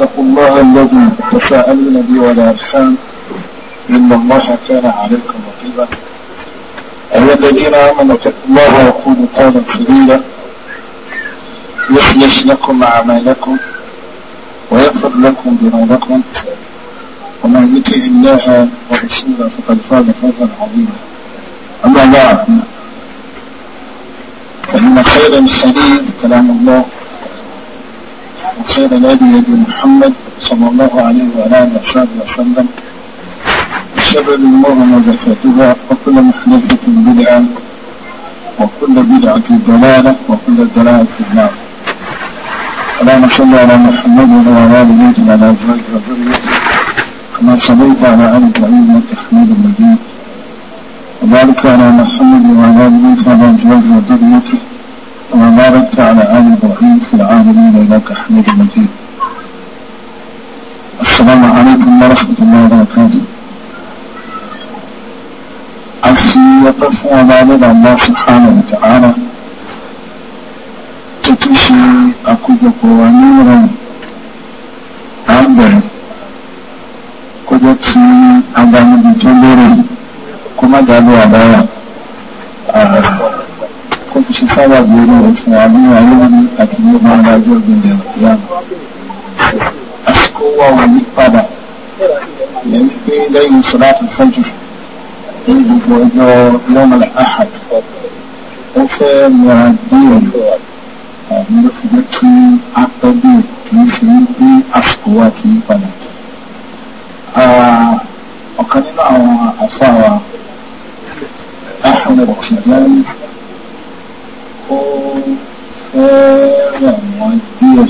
واتقوا الله الذي تساءلون به والأرحام إن الله كان عليكم رقيبا أيها الذين آمنوا اتقوا الله وقولوا قولا سديدا يصلح لكم أعمالكم ويغفر لكم ذنوبكم ومن يطع الله ورسوله فقد فاز فوزا عظيما أما بعد فإن خير الحديث كلام الله وخير الهدي هدي محمد صلى الله عليه وعلى اله وصحبه وسلم وشر الامور محدثاتها وكل محدثة بدعة وكل بدعة ضلالة وكل ضلالة في النار. اللهم صل على محمد وعلى ال بيته وعلى ازواجه وذريته كما صليت على ال ابراهيم وتحميد حميد مجيد وبارك على محمد وعلى ال بيته وعلى ازواجه وذريته وباركت على آل إبراهيم في العالمين إنك حميد مجيد السلام عليكم ورحمة الله وبركاته عشي يقف أمامنا الله سبحانه وتعالى تكشي أكوجك ونورا sábà bí olóòrùn fún wa ní ayé ní àti ní ọmọ ọjọ́ ìgbìmọ̀ ìyá àsìkò wa ò ní padà ìyẹn ní pé lẹ́yìn sọ́láàtì fẹ́jù ní gbogbo ọjọ́ lọ́mọlẹ̀ ahad ó fẹ́ mọ àdéhùn àbí ló fi jẹ́ kí apẹ́bí kì í ṣe ní pé àsìkò wa kì í padà ọ̀kan nínú àwọn àfọ àwa ahmed ọ̀sán lẹ́yìn ó ó rẹ̀ wọ́n díẹ̀ wọ́n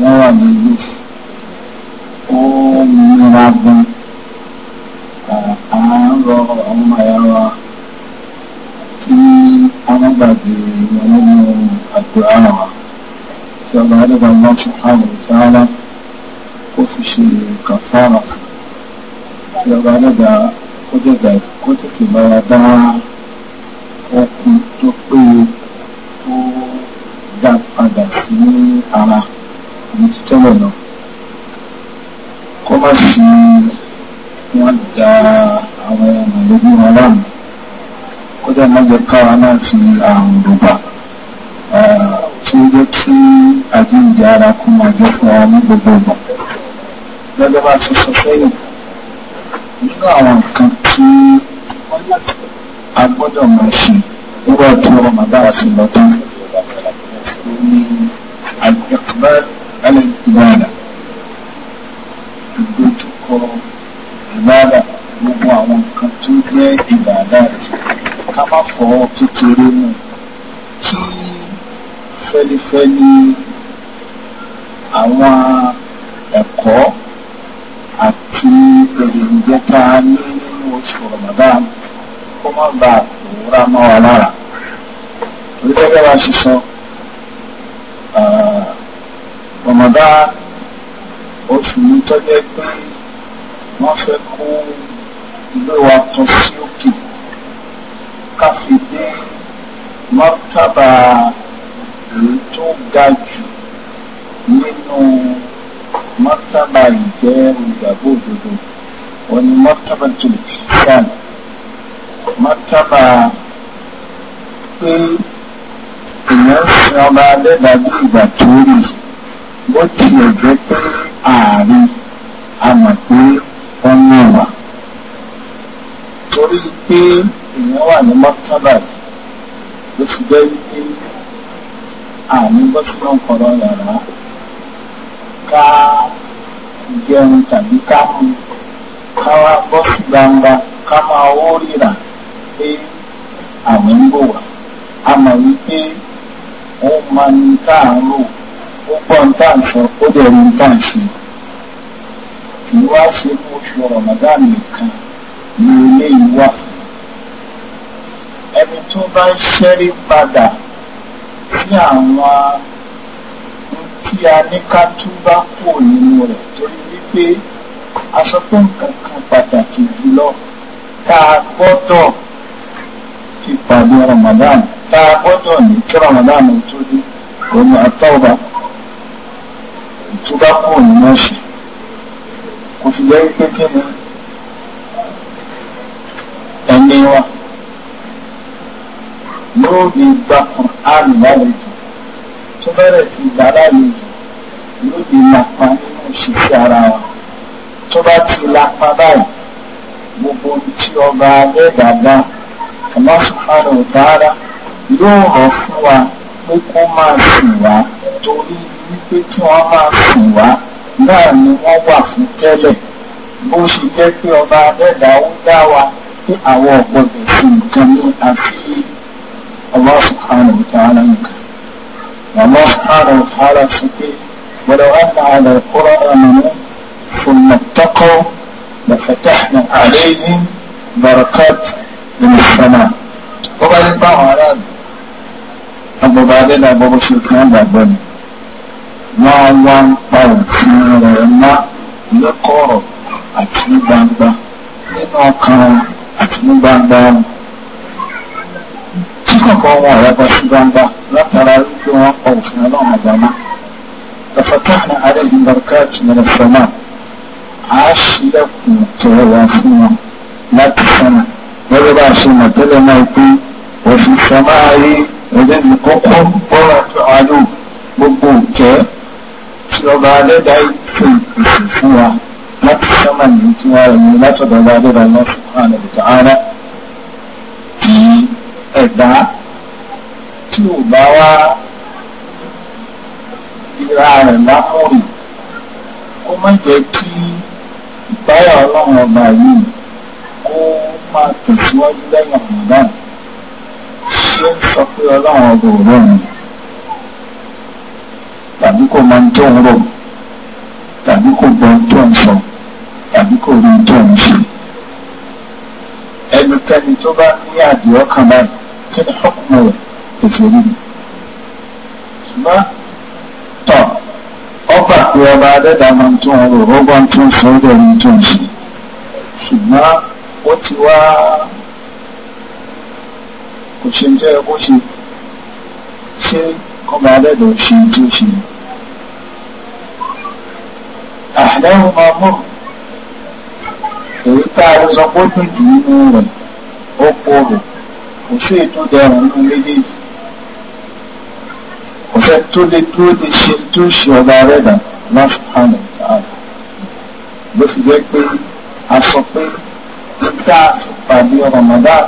wà lórí ó nira gan à ń rọ àwọn ọmọ ẹ̀yà wa kí alágbàgbé wọn nínú àgbẹ̀ ara wa tí ọba adébá lọ fún àwọn ìtaara ó fi ṣe kàfàrà tí ọba adébá kó tètè bá dáa tó péye tó dá padà sí ara ní títẹ́lẹ̀ lọ kó má sí wọ́n da àwọn mọ̀lẹ́bí wọn láàmú kódà má jẹ́ káwa náà fi àrùn rògbà tí ó jẹ́ kí àjíǹde ara kó máa jẹ́ fún wa ní gbogbo ọ̀gbọ̀n lọ́jọ́ bá ti sọ sẹ́yìn nínú àwọn nǹkan tí wọ́n láti agbọ́dọ̀ máa ṣe nígbà tí wọ́n máa dára sí lọ tán ní àgbẹ̀kọ̀bá alẹ́ ìbáàdà ìdójúkọ ìbáàdà gbogbo àwọn nǹkan tó jẹ́ ìbáàdà rẹ̀ ká má fọwọ́ kékeré mú kí fẹ́lifẹ́li àwọn ẹ̀kọ́ àti èròjẹ́ta ní nínú oṣù Ramadan kó má bàa pòórá mọ́ wa lára oníkẹ́kẹ́ wa ṣiṣan ọmọdá oṣù mi tọ́jẹ́ pé wọ́n fẹ́ kó ìlú wa tún sí òkè ká fi dé mọ́tàbà èyí tó ga jù nínú mọ́tàbà ìjẹ́ olùgbàgbọ́ òdodo wọ́n ní mọ́tàbà tìlìkì sáà mọ́tàbà pé èèyàn sin ọba adẹ́dà bí ìgbà tó rí bó tilẹ̀ jẹ́ pé ààrin a mọ̀ pé wọ́n ní ìwà torí pé èèyàn wà ní mọ́tàbà ló fi jẹ́ wípé àmì bó ti máa ń kọ̀rọ̀ yàrá ká jẹun tàbí ká mú ká wá bọ́ sí gbangba ká máa wó ríra pé àmì ń bò wá a wípé ó mọ ní tá à ń rò ó gbọ́ ní tá à ń sọ ó dẹ̀ rí ní tá à ń ṣe kì í wá ṣe ní oṣù Ramadan nìkan ní ilé ìwà ẹni tó bá ń ṣẹ́rí padà sí àwọn tí a ní ká tún bá kúrò nínú rẹ̀ torí wípé a sọ pé nǹkan pàtàkì jùlọ tá a gbọ́dọ̀ fi pàdé Ramadan tá a gbọ́dọ̀ ní kí Ramadan tó dé òun ni àtọ́ọ̀bà ìtúbá kúrò nínú ẹ̀ṣẹ̀ kò fi jẹ́ pé kí ni ẹ̀mí wa yóò di gba Kùránì lálejò tó bẹ̀rẹ̀ sí gbà lálejò yóò di lápá nínú ìṣesí ara wa tó bá ti lápá báyìí gbogbo tí ọba abẹ́gàdá ọmọ sùpárọ̀ ọ̀tá ara yóò rọ̀ fún wa pé kó máa sìn wá torí wípé kí wọ́n máa sìn wá náà ni wọ́n wà fún tẹ́lẹ̀ bó ṣe jẹ́ pé ọba abẹ́dà ó dá wa pé àwọn ọ̀gbọ̀dọ̀ sí nǹkan ní àfi Allah subhanahu wa ta'ala nìkan Allah subhanahu wa ta'ala sọ pé wọ́n wá máa lọ kúrọ́ ọ̀nà mú ثم اتقوا لفتحنا عليهم بركات من السماء وبعدين بقى على ọgbọ̀bà adẹ́dàgbọ́ bó ṣe kí wọ́n gbàgbọ́ ni wọ́n wá ń pa òfin rẹ̀ mọ́ lẹ́kọ̀ọ̀rọ̀ àti ní gbangba nínú ọkàn wọn àti ní gbangba wọn tí kọ̀ọ̀kan wọn ọ̀rẹ́ bọ́ sí gbangba látara wípé wọ́n pa òfin ọlọ́run àgbàmá ẹ̀fọ́tàkùn adẹ́gbẹ̀ẹ́ bàrúkàtì mẹ́rẹ̀ fọ́mà á ṣílẹ̀kùn tọ̀rọ̀ wá fún wọn láti sọ́nà lọ́wọ́ bá a ṣe mọ̀ tẹ́lẹ̀ náà pé òfin sọ́mà rí mọ̀lẹ́bí kọ́kọ́ bọ́ra àlò gbogbo òkẹ́ tí ọba alẹ́dá ètò ìpèsè fún wa láti sámà ní tí wọ́n rẹ̀ ní látọ̀dọ̀ ọba alẹ́dá náà subhanahu wa ta'ala tí ẹ̀dá tí ò bá wá ìra rẹ̀ lákùnrin kó má jẹ́ kí ìpáyà ọlọ́run ọba yìí kó máa tẹ̀síwájú lẹ́yìn ọ̀nà náà tí ó ń ọlọ́run tàbí kò mọ tó ń rò tàbí kò gbọ́ tó ń sọ tàbí kò rí tó ń ṣe ẹnikẹ́ni tó bá ní àdìọ́ kan báyìí kí ni ọkùnrin rẹ̀ ètò rí ni ṣùgbọ́n tọ̀ ọba pé ọba adẹ́dàá máa ń tó ń rò ọgbọ́n tó ń sọ ọ́ dẹ̀ ní tó ń ṣe ṣùgbọ́n ó ti wá kò ṣe ń jẹ́ kó ṣe ṣé ọba adẹ́dọ̀ ṣe tó ṣe àdáhùn máa mọ̀ èyí tá a sọ pé dùdù nínú rẹ̀ ó porò kò ṣe ètò dẹrùn nínú méjèèjì kò fẹ́ tó lè dúró lè ṣe tó ṣe ọba adẹ́dọ̀ lọ́sùn ló fi jẹ́ pé a sọ pé nígbà pàdé Ramadan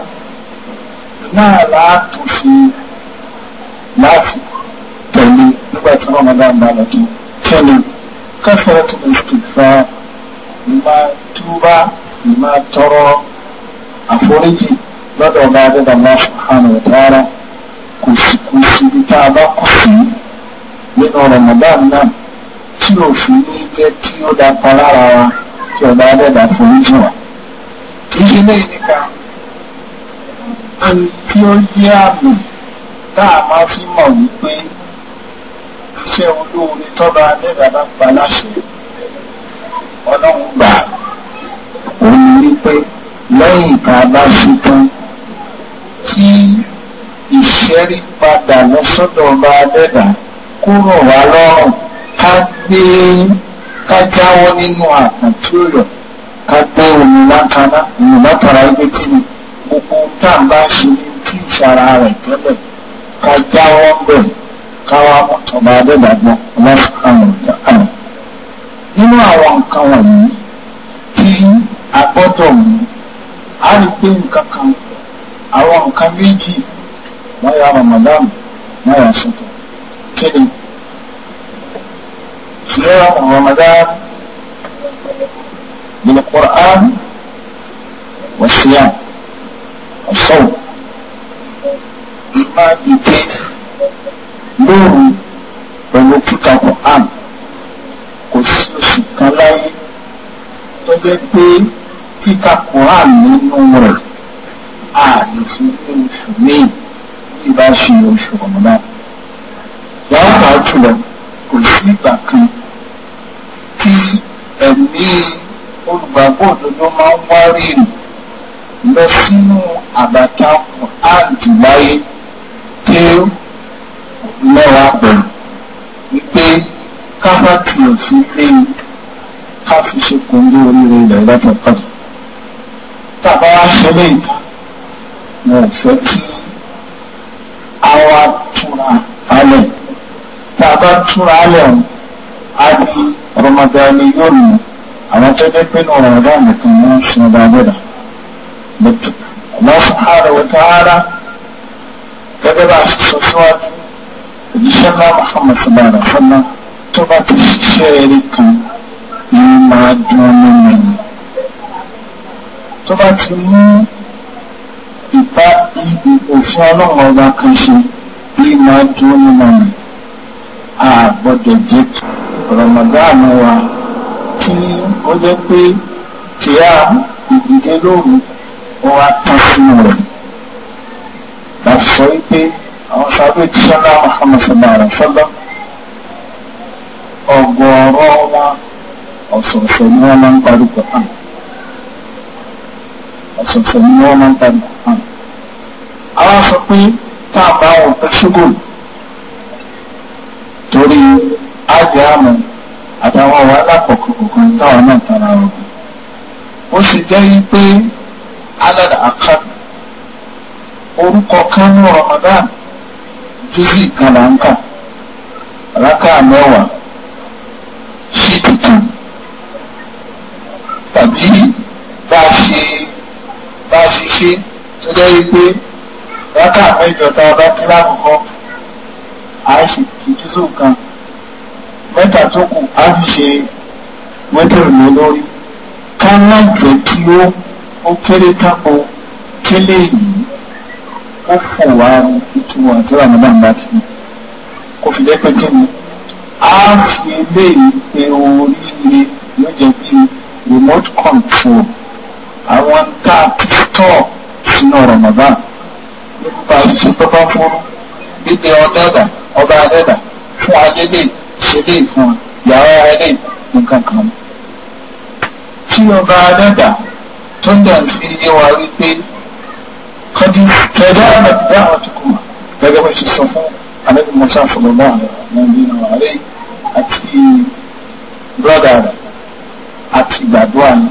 náà láàtò ṣe láàfin tẹ̀lé nígbà tí Ramadan bá lọ tó tẹ̀lé kẹfẹ́ tó lè ṣe fa ìmá túbá ìmá tọrọ àforíjì lọ́dọ̀ ọba adéda Allah subhanahu wa ta'ala kò sí kò sí ibi tá a bá kù sí nínú Ramadan náà tí òfin ní jẹ́ kí ó dápa lára wa kí ọba adéda àforíjì wa kì í ṣe lẹ́yìn nìkan kí ó jẹ́ àmì tá a máa fi mọ̀ wípé iṣẹ́ olóore tọ́ba lẹ́dàá bá pa láṣẹ ọlọ́run gbà ó ní wípé lẹ́yìn tá a bá ṣe tán kí ìṣẹ́rí padà lọ sọ́dọ̀ ọba lẹ́dàá kó rọ̀ wá lọ́rùn ká gbé ká jáwọ́ nínú àpàtúrò ká gbé òmìnira kaná òmìnira tara ẹgbẹ́ kíni gbogbo tá à ń bá ṣe ní tí ìsara rẹ̀ tẹ́lẹ̀ ká jáwọ́ bẹ̀ káwá mọ́tọ́ba adébàgbọ́ ọlọ́sàn-án ọ̀dọ́ àná. nínú àwọn nǹkan wọ̀nyí tí a gbọ́dọ̀ mú a rí pé nǹkan kan àwọn nǹkan méjì wọ́n ya Ramadan wọ́n yà sọ́tọ̀ kéde ṣùgbọ́n Ramadan بالقرآن والصيام sọ̀rọ̀ nípa dídé lóru pẹ̀lú kíkà Quran kò sí oṣù kan láyé tó jẹ́ pé kíkà Quran nínú rẹ̀ a lè fi ní oṣù míì bí bá ṣe oṣù ọ̀nà wọ́n bá jùlọ kò sí ìgbà kan tí ẹ̀mí olùgbàgbọ́ òdodo máa ń wá rí ìrìn lọ sínú àbàtà áàdì láyé tí lọ́wọ́ pẹ̀lú wípé káfáàtì òfin lé ká fi ṣe kòńdé oríire ilẹ̀ lọ́tọ̀ọ̀tọ̀ tàbá wá ṣẹlẹ̀ ìta wọn ò fẹ́ kí àwa túra alẹ̀ tàbá túra alẹ̀ ọ̀hún á di ọmọdé ẹni yóò lù àwọn tó dé pé ọ̀rọ̀ ọ̀dọ́ àmì kan wọ́n ń Allah subhanahu wa ta'ala gẹ́gẹ́ bá ṣe sọ síwájú òjíṣẹ́ náà Muhammad sallallahu alaihi wa sallam tó bá ti ṣiṣẹ́ eré kan ni máa dún ọmọ mi ni tó bá ti mú ìpa òfin ọlọ́run ọba kan ṣe bí máa dún ọmọ mi a gbọ́dọ̀ jẹ́ Ramadan wa tí ó jẹ́ pé kìá ìdílé lóòrùn ó wá tán sí rẹ̀ láti sọ wípé àwọn sábẹ́ ti sọ́lá Muhammad sallallahu alaihi wasallam ọgọ́rọ́ wọn ọ̀sọ̀ọ̀sẹ̀ ni wọ́n máa ń parí Quran ọ̀sọ̀ọ̀sẹ̀ ni wọ́n máa ń parí Quran àwọn sọ pé tá a bá wọn pẹ́ ṣúgòlù torí ágbéámù àtàwọn wàhálà kọ̀ọ̀kan táwọn náà tara wọn ó sì jẹ́ yí pé alal akab orúkọ kánú Ramadan júzì kan là ń kà rákà mẹ́wàá ṣíìtì kan tàbí bá a ṣe bá a ṣe ṣe tó jẹ́ wípé rákà mẹ́jọ tá a bá kí lákòókò a ṣe ìjúzù kan mẹ́ta tó kù a fi ṣe wẹ́tẹ̀rù lórí ká má jẹ́ kí ó o kéré kápọ̀ kélé yìí ó fò wá ìtumọ̀ àti ramadan bá ti kò fi jẹ́ pé kí ni a fi eléyìí pé orí ni yóò jẹ́ bí remote control àwọn tá a ti tọ̀ sínú ramadan nípa ìṣe tó bá fún gbígbé ọdẹ́dà ọba adẹ́dà fún adédè ṣẹlẹ̀ ìfún yàrá ẹlẹ́ nǹkan kan tí ọba adẹ́dà tó ń dà sí ilé wa wípé kọ́dí kẹ́dá àgbà àtúkù gẹ́gẹ́ bá ṣe sọ fún alẹ́bí musa sọlọ́lá nàìjíríà ààrẹ àti brọ́dà rẹ̀ àti gbàdúrà ni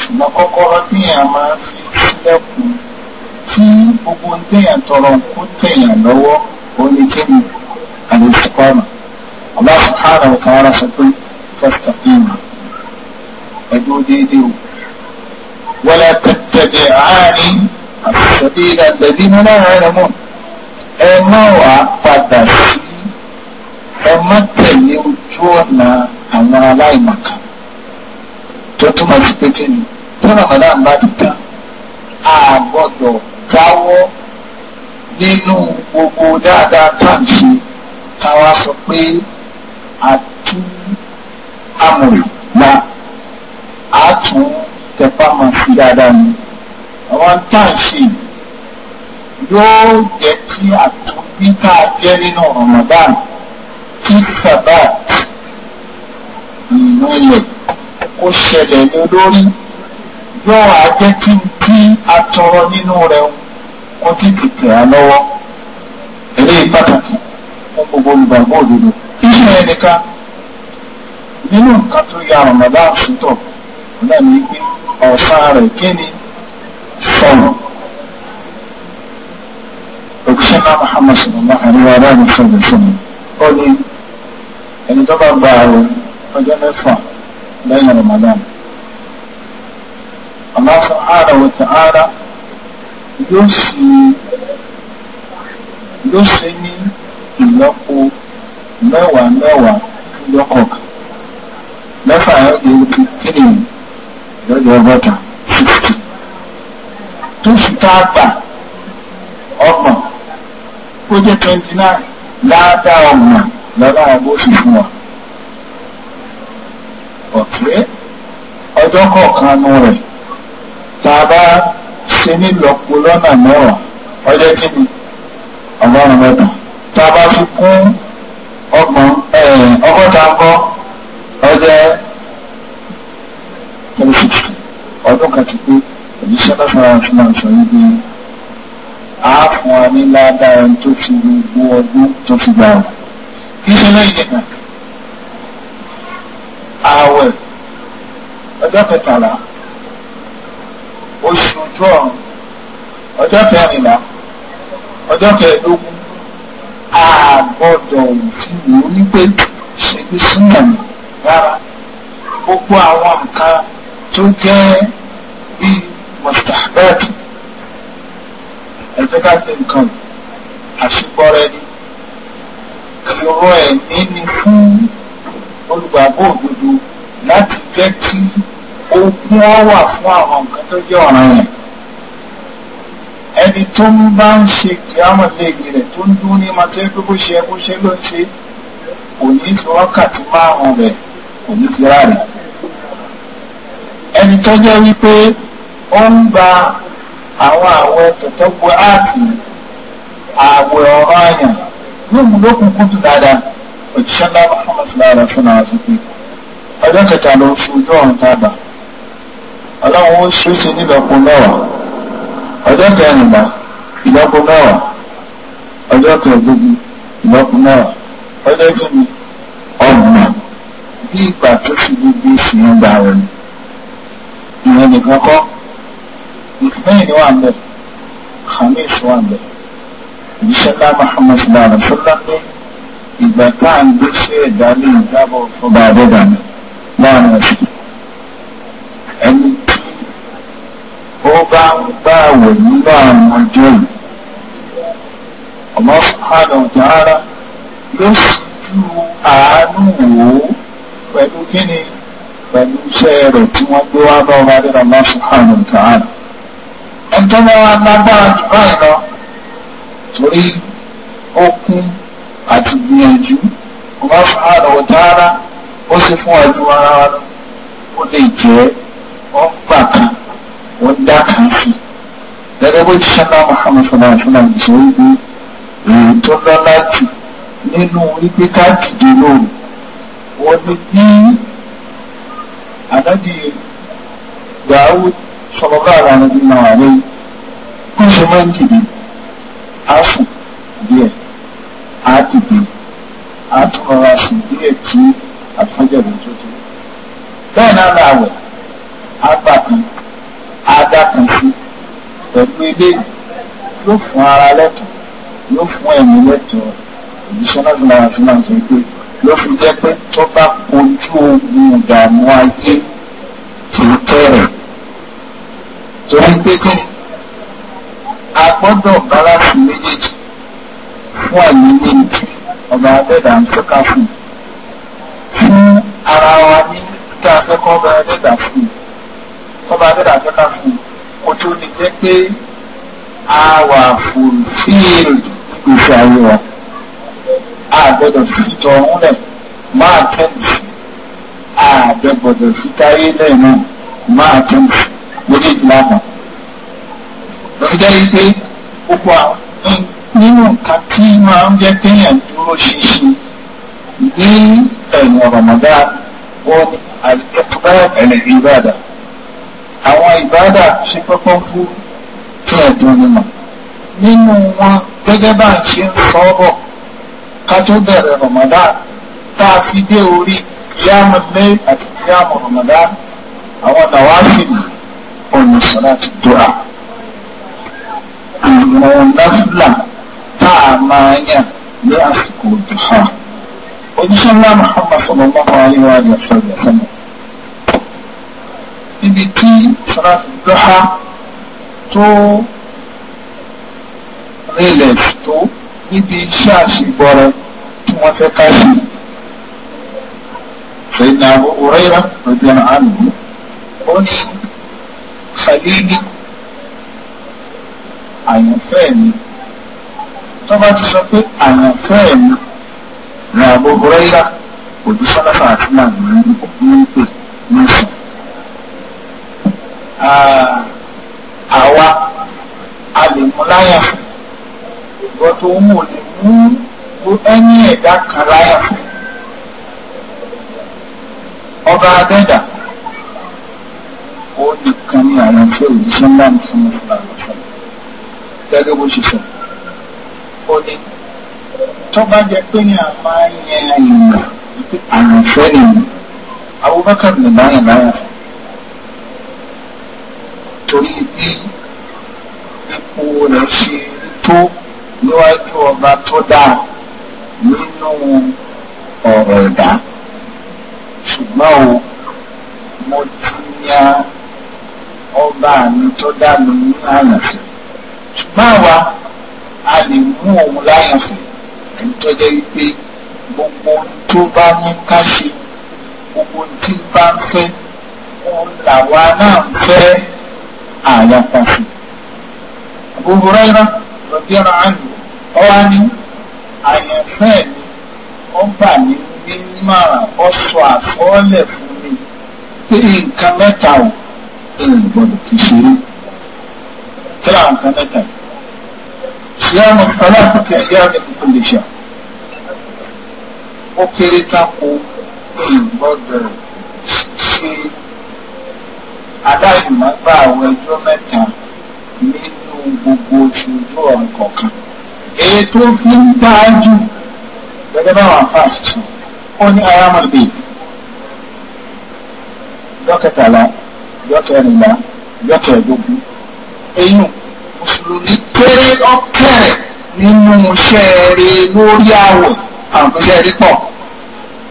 ṣùgbọ́n kọ́kọ́rọ́ tí èèyàn máa fi sílẹ̀kùn tí gbogbo ń tẹ̀yàn tọrọ kó tẹ̀yàn lọ́wọ́ oníkẹ́ni àlè sùpàmù Allah subhanahu wa ta'ala sọ pé fọ́sítà pé déédéé o wọlé tẹ̀tẹ̀ àárín àtẹ̀tẹ̀ ìdàgbẹ̀bí múná rẹ̀ mọ̀ ẹ má wàá padà sí ẹ má tẹ̀lé ojú ọ̀nà àwọn aláìmọ̀kan tó túmọ̀ sí pé kí ni tí ramadan bá ti tàn gbọ́dọ̀ jáwọ́ nínú gbogbo dáadáa táǹṣe táwa sọ pé àtú amòrò náà fún kẹfà mọ̀ sí dáadáa ni àwọn táǹṣì yóò jẹ́ kí àtúndí tá a jẹ́ nínú Ramadan tí sábà ìmúlẹ̀ kó ṣẹlẹ̀ ní olórí yóò wá jẹ́ kí n tí a tọrọ nínú rẹ̀ kó tètè tẹ̀ á lọ́wọ́ eléyìí pàtàkì fún gbogbo olùgbàgbọ́ òdodo. iṣẹ́ ẹnìkan nínú nǹkan tó ya Ramadan sùtọ̀ náà ní pé ọ̀sán rẹ̀ kí ni sọ̀nù òkúṣẹ́ náà Muhammad sọ̀rọ̀mọ́ àríwá aráàlú sọ̀rọ̀ sọ̀rọ̀ ó ní ẹni tó bá gba ààrùn ọjọ́ mẹ́fà lẹ́yìn Ramadan Allah subhanahu wa ta'ala yóò sì yóò ṣe ní ìlọ́po mẹ́wàá mẹ́wàá lọ́kọ̀ọ̀kan mẹ́fà yóò di kíni lọ́dọ̀ ọgọ́ta sixty tó sì tá a gbà ọgbọ̀n ó jẹ́ twenty nine láàdá ọ̀nà lọ́dọ̀ àwọn bó sì fún wa. ọ̀kẹ́ ọjọ́ kọ̀ọ̀kan nu rẹ̀ tá a bá ṣe nílọ́po lọ́nà mẹ́wàá ọjọ́ kí ọgọ́rùn-ún mẹ́ta tá a bá fi kún ọgbọ̀n ọgọ́ta ń bọ́ ọjọ́ twenty six ọdún kan ti pé òjíṣẹ́ lọ́sọ̀rọ̀ àti máa sọ yí bí a fún wa ní ládàá tó fi gbogbo ọdún tó fi gbà ọ́ kí ṣe lẹ́yìn nígbà ààwẹ̀ ọjọ́ kẹtàlá oṣù ojú ọ̀run ọjọ́ kẹrìnlá ọjọ́ kẹẹ̀ẹ́dógún àgbọ̀dọ̀ òfin wò ó ní pé ṣe bí súnmọ̀ rárá gbogbo àwọn nǹkan tó jẹ́ bí mustahbab ẹjọ́ bá gbé nǹkan àṣepọ̀rẹ́ ni ìrọ̀ ẹ̀mí ni fún olùgbàgbọ́ òdodo láti jẹ́ kí okun ọ wà fún àwọn nǹkan tó jẹ́ ọ̀ràn rẹ̀ ẹni tó ń bá ń ṣe kìámọ̀ léèkì rẹ̀ tó ń dún ní matẹ́ pé bó ṣe bó ṣe ló ń ṣe kò ní fi wákàtí márùn-ún rẹ̀ kò ní fi rárẹ̀ tọ́jọ́ wípé ó ń ba àwọn àwẹ̀ tọ̀tọ́ bu áàkì àwẹ̀ ọ̀rọ̀ àyàn yóò mú lókun kútù dáadáa òjíṣẹ́ ńlá Muhammad lára fún àwọn tó pé ọjọ́ kẹta ló fi ojú ọ̀run tábà ọlọ́run ó ṣe é ṣe nílọ́po mẹ́wàá ọjọ́ kẹrìnlá ìlọ́po mẹ́wàá ọjọ́ kẹẹ̀ẹ́dógún ìlọ́po mẹ́wàá ọjọ́ kẹrin ọgbọ̀n bí ìgbà tó fi gbogbo ìsìn gbà wọlé ìyẹn nìkan kọ́ ìfẹ́yìn ni wà ń bẹ̀ khamis wà ń bẹ̀ Muhammad sallallahu alaihi wa ìgbà tá à ń gbé sí ẹ̀dá ìjábọ̀ fún bàbá láàrin ọ̀sẹ̀ ẹni tí ó bá ń bá àwẹ̀ nínú àwọn yìí ọmọ subhanahu wa ta'ala ló sì ju àánú wò ó pẹ̀lú kí ni pẹ̀lú iṣẹ́ rẹ̀ tí wọ́n gbé wá bá ọba rírà lọ fún àrùn kàánù ẹni tó bá wá lágbára jù báyìí lọ torí okun àti gbìyànjú ọba fún àrùn ọ̀tàrà ó sì fún ọdún ara wa lọ ó lè jẹ́ ọgbà kan ó ń dá kan sí gẹ́gẹ́ bó ti ṣẹlá Muhammad fúnra fúnra ìṣòro ìgbé èyí tó lọ́lá jù nínú wípé ká dìde lóru wọ́n ní bí ànábì dàáwù sọlọ́bà ara ẹni nà wà lẹ́yìn kó ṣe máa ń dìde á sùn díẹ̀ á dìde á tún rọra sùn díẹ̀ tí àfọ́jọ̀bọ̀ tó tó bẹ́ẹ̀ náà là wẹ̀ á gbà kan á dá kan sí pẹ̀lú ilé yóò fún ara lẹ́tọ̀ọ́ yóò fún ẹ̀mí lẹ́tọ̀ọ́ ìṣẹ́ náà fi máa fi máa ṣe pé ló fi jẹ́ pé tó bá kojú ogun ìdààmú ayé kì í kẹ̀rẹ̀ torí pé kí a gbọ́dọ̀ báláṣí méjèèjì fún àyíní ìdí ọba abẹ́dà ń tọ́ka fún fún ara wa ní tá a fẹ́ kọ́ ọba abẹ́dà fún ọba abẹ́dà tọ́ka fún kò tó ní jẹ́ pé a wà fòlù fíìrì ìgbésí ayé wa a gbọ́dọ̀ fi ìtọ̀ ọ̀hún lẹ̀ máa tẹ̀lé a gbọ́dọ̀ fi táyé lẹ̀ náà máa tẹ̀lé méjèèjì lápá. lọ́jọ́ yìí pé gbogbo àwọn nínú nǹkan tí máa ń jẹ́ kéèyàn dúró ṣinṣin ní ẹ̀yìn Ramadan wọn àìjọpọ̀ ẹ̀lẹ̀ ìbádà àwọn ìbádà ṣe pẹ́pọ́ fún fún ẹ̀dùn onímọ̀ nínú wọn gẹ́gẹ́ bá ṣe ń sọ ọ́ ká tó bẹ̀rẹ̀ Ramadan tá a fi dé orí kíámù lé àti kíámù Ramadan àwọn nàwáfìlì ọ̀nà sọ̀rọ̀ àti dùrà àwọn náfìlà tá a máa yàn ní àsìkò dùhà oníṣẹ́ ńlá Muhammad sallallahu alaihi wa sallam níbi tí sọ̀rọ̀ àti dùhà tó rilẹ̀ tó níbi iṣẹ́ àṣìbọ̀rẹ̀ wọ́n fẹ́ ká ṣe fẹ̀yìntà òrẹ́rà pẹ̀lú àánú ó ní fàlílì àyànfẹ́ mi tó bá ti sọ pé àyànfẹ́ mi rà bọ̀ òrẹ́rà òbí sọ́lọ́fà àti làwọn ẹni ní pè ní sùn. àwa a lè mú láyà ṣùgbọ́n tó ń wò lè mú ẹni ẹ̀dá kan láyà ọba adẹ́dà ó nìkan ní àwọn tí òyìnbó ńlá ń fún un fún àwọn fún un gẹ́gẹ́ bó ṣe sọ ó ní tó bá jẹ pé ní àmà yẹn ìlú àrùnfẹ́ nìyí Abubakar ní báyà báyà torí bí ipò rẹ̀ ṣe tó níwájú ọba tó dáa nínú ọ̀rọ̀ ẹ̀dá ṣùgbọ́n o mo ti yan ọba mi tó dá mi ní àyànfẹ́ ṣùgbọ́n àwa a lè mú òun láyànfẹ́ ẹni tó jẹ́ wípé gbogbo tó bá ní ká ṣe gbogbo tí bá ń fẹ́ òun làwa náà ń fẹ́ àyànfẹ́. Abu Hurairah radiyallahu anhu ọwọ́ á ní àyànfẹ́ wọ́n bà mí nímọ̀ràn ọ̀sọ̀ àkọọ́lẹ̀ fún mi pé nǹkan mẹ́ta ò ẹ̀yìn gbọ́dọ̀ kì í ṣeré kí làwọn nǹkan mẹ́ta yìí ṣíyá mo aláàbùkẹ́ ẹ̀yà mi kò lè ṣà ó kéré tako ẹ̀yìn gbọ́dọ̀ ṣe aláìmọ́gbà àwọn ẹjọ́ mẹ́ta nínú gbogbo ojú ọ̀rọ̀ kọ̀ọ̀kan èyí tó fi ń dáa jù gẹ́gẹ́ bá wàá fà ó ní ayámọ̀ bíi yọ́kẹtàlá yọ́kẹrìnlá yọ́kẹẹ̀dógún eyín mùsùlùmí kéré ọ̀kẹ́rẹ̀ nínú iṣẹ́ rẹ lórí àwẹ̀ àwọn iṣẹ́ rí pọ̀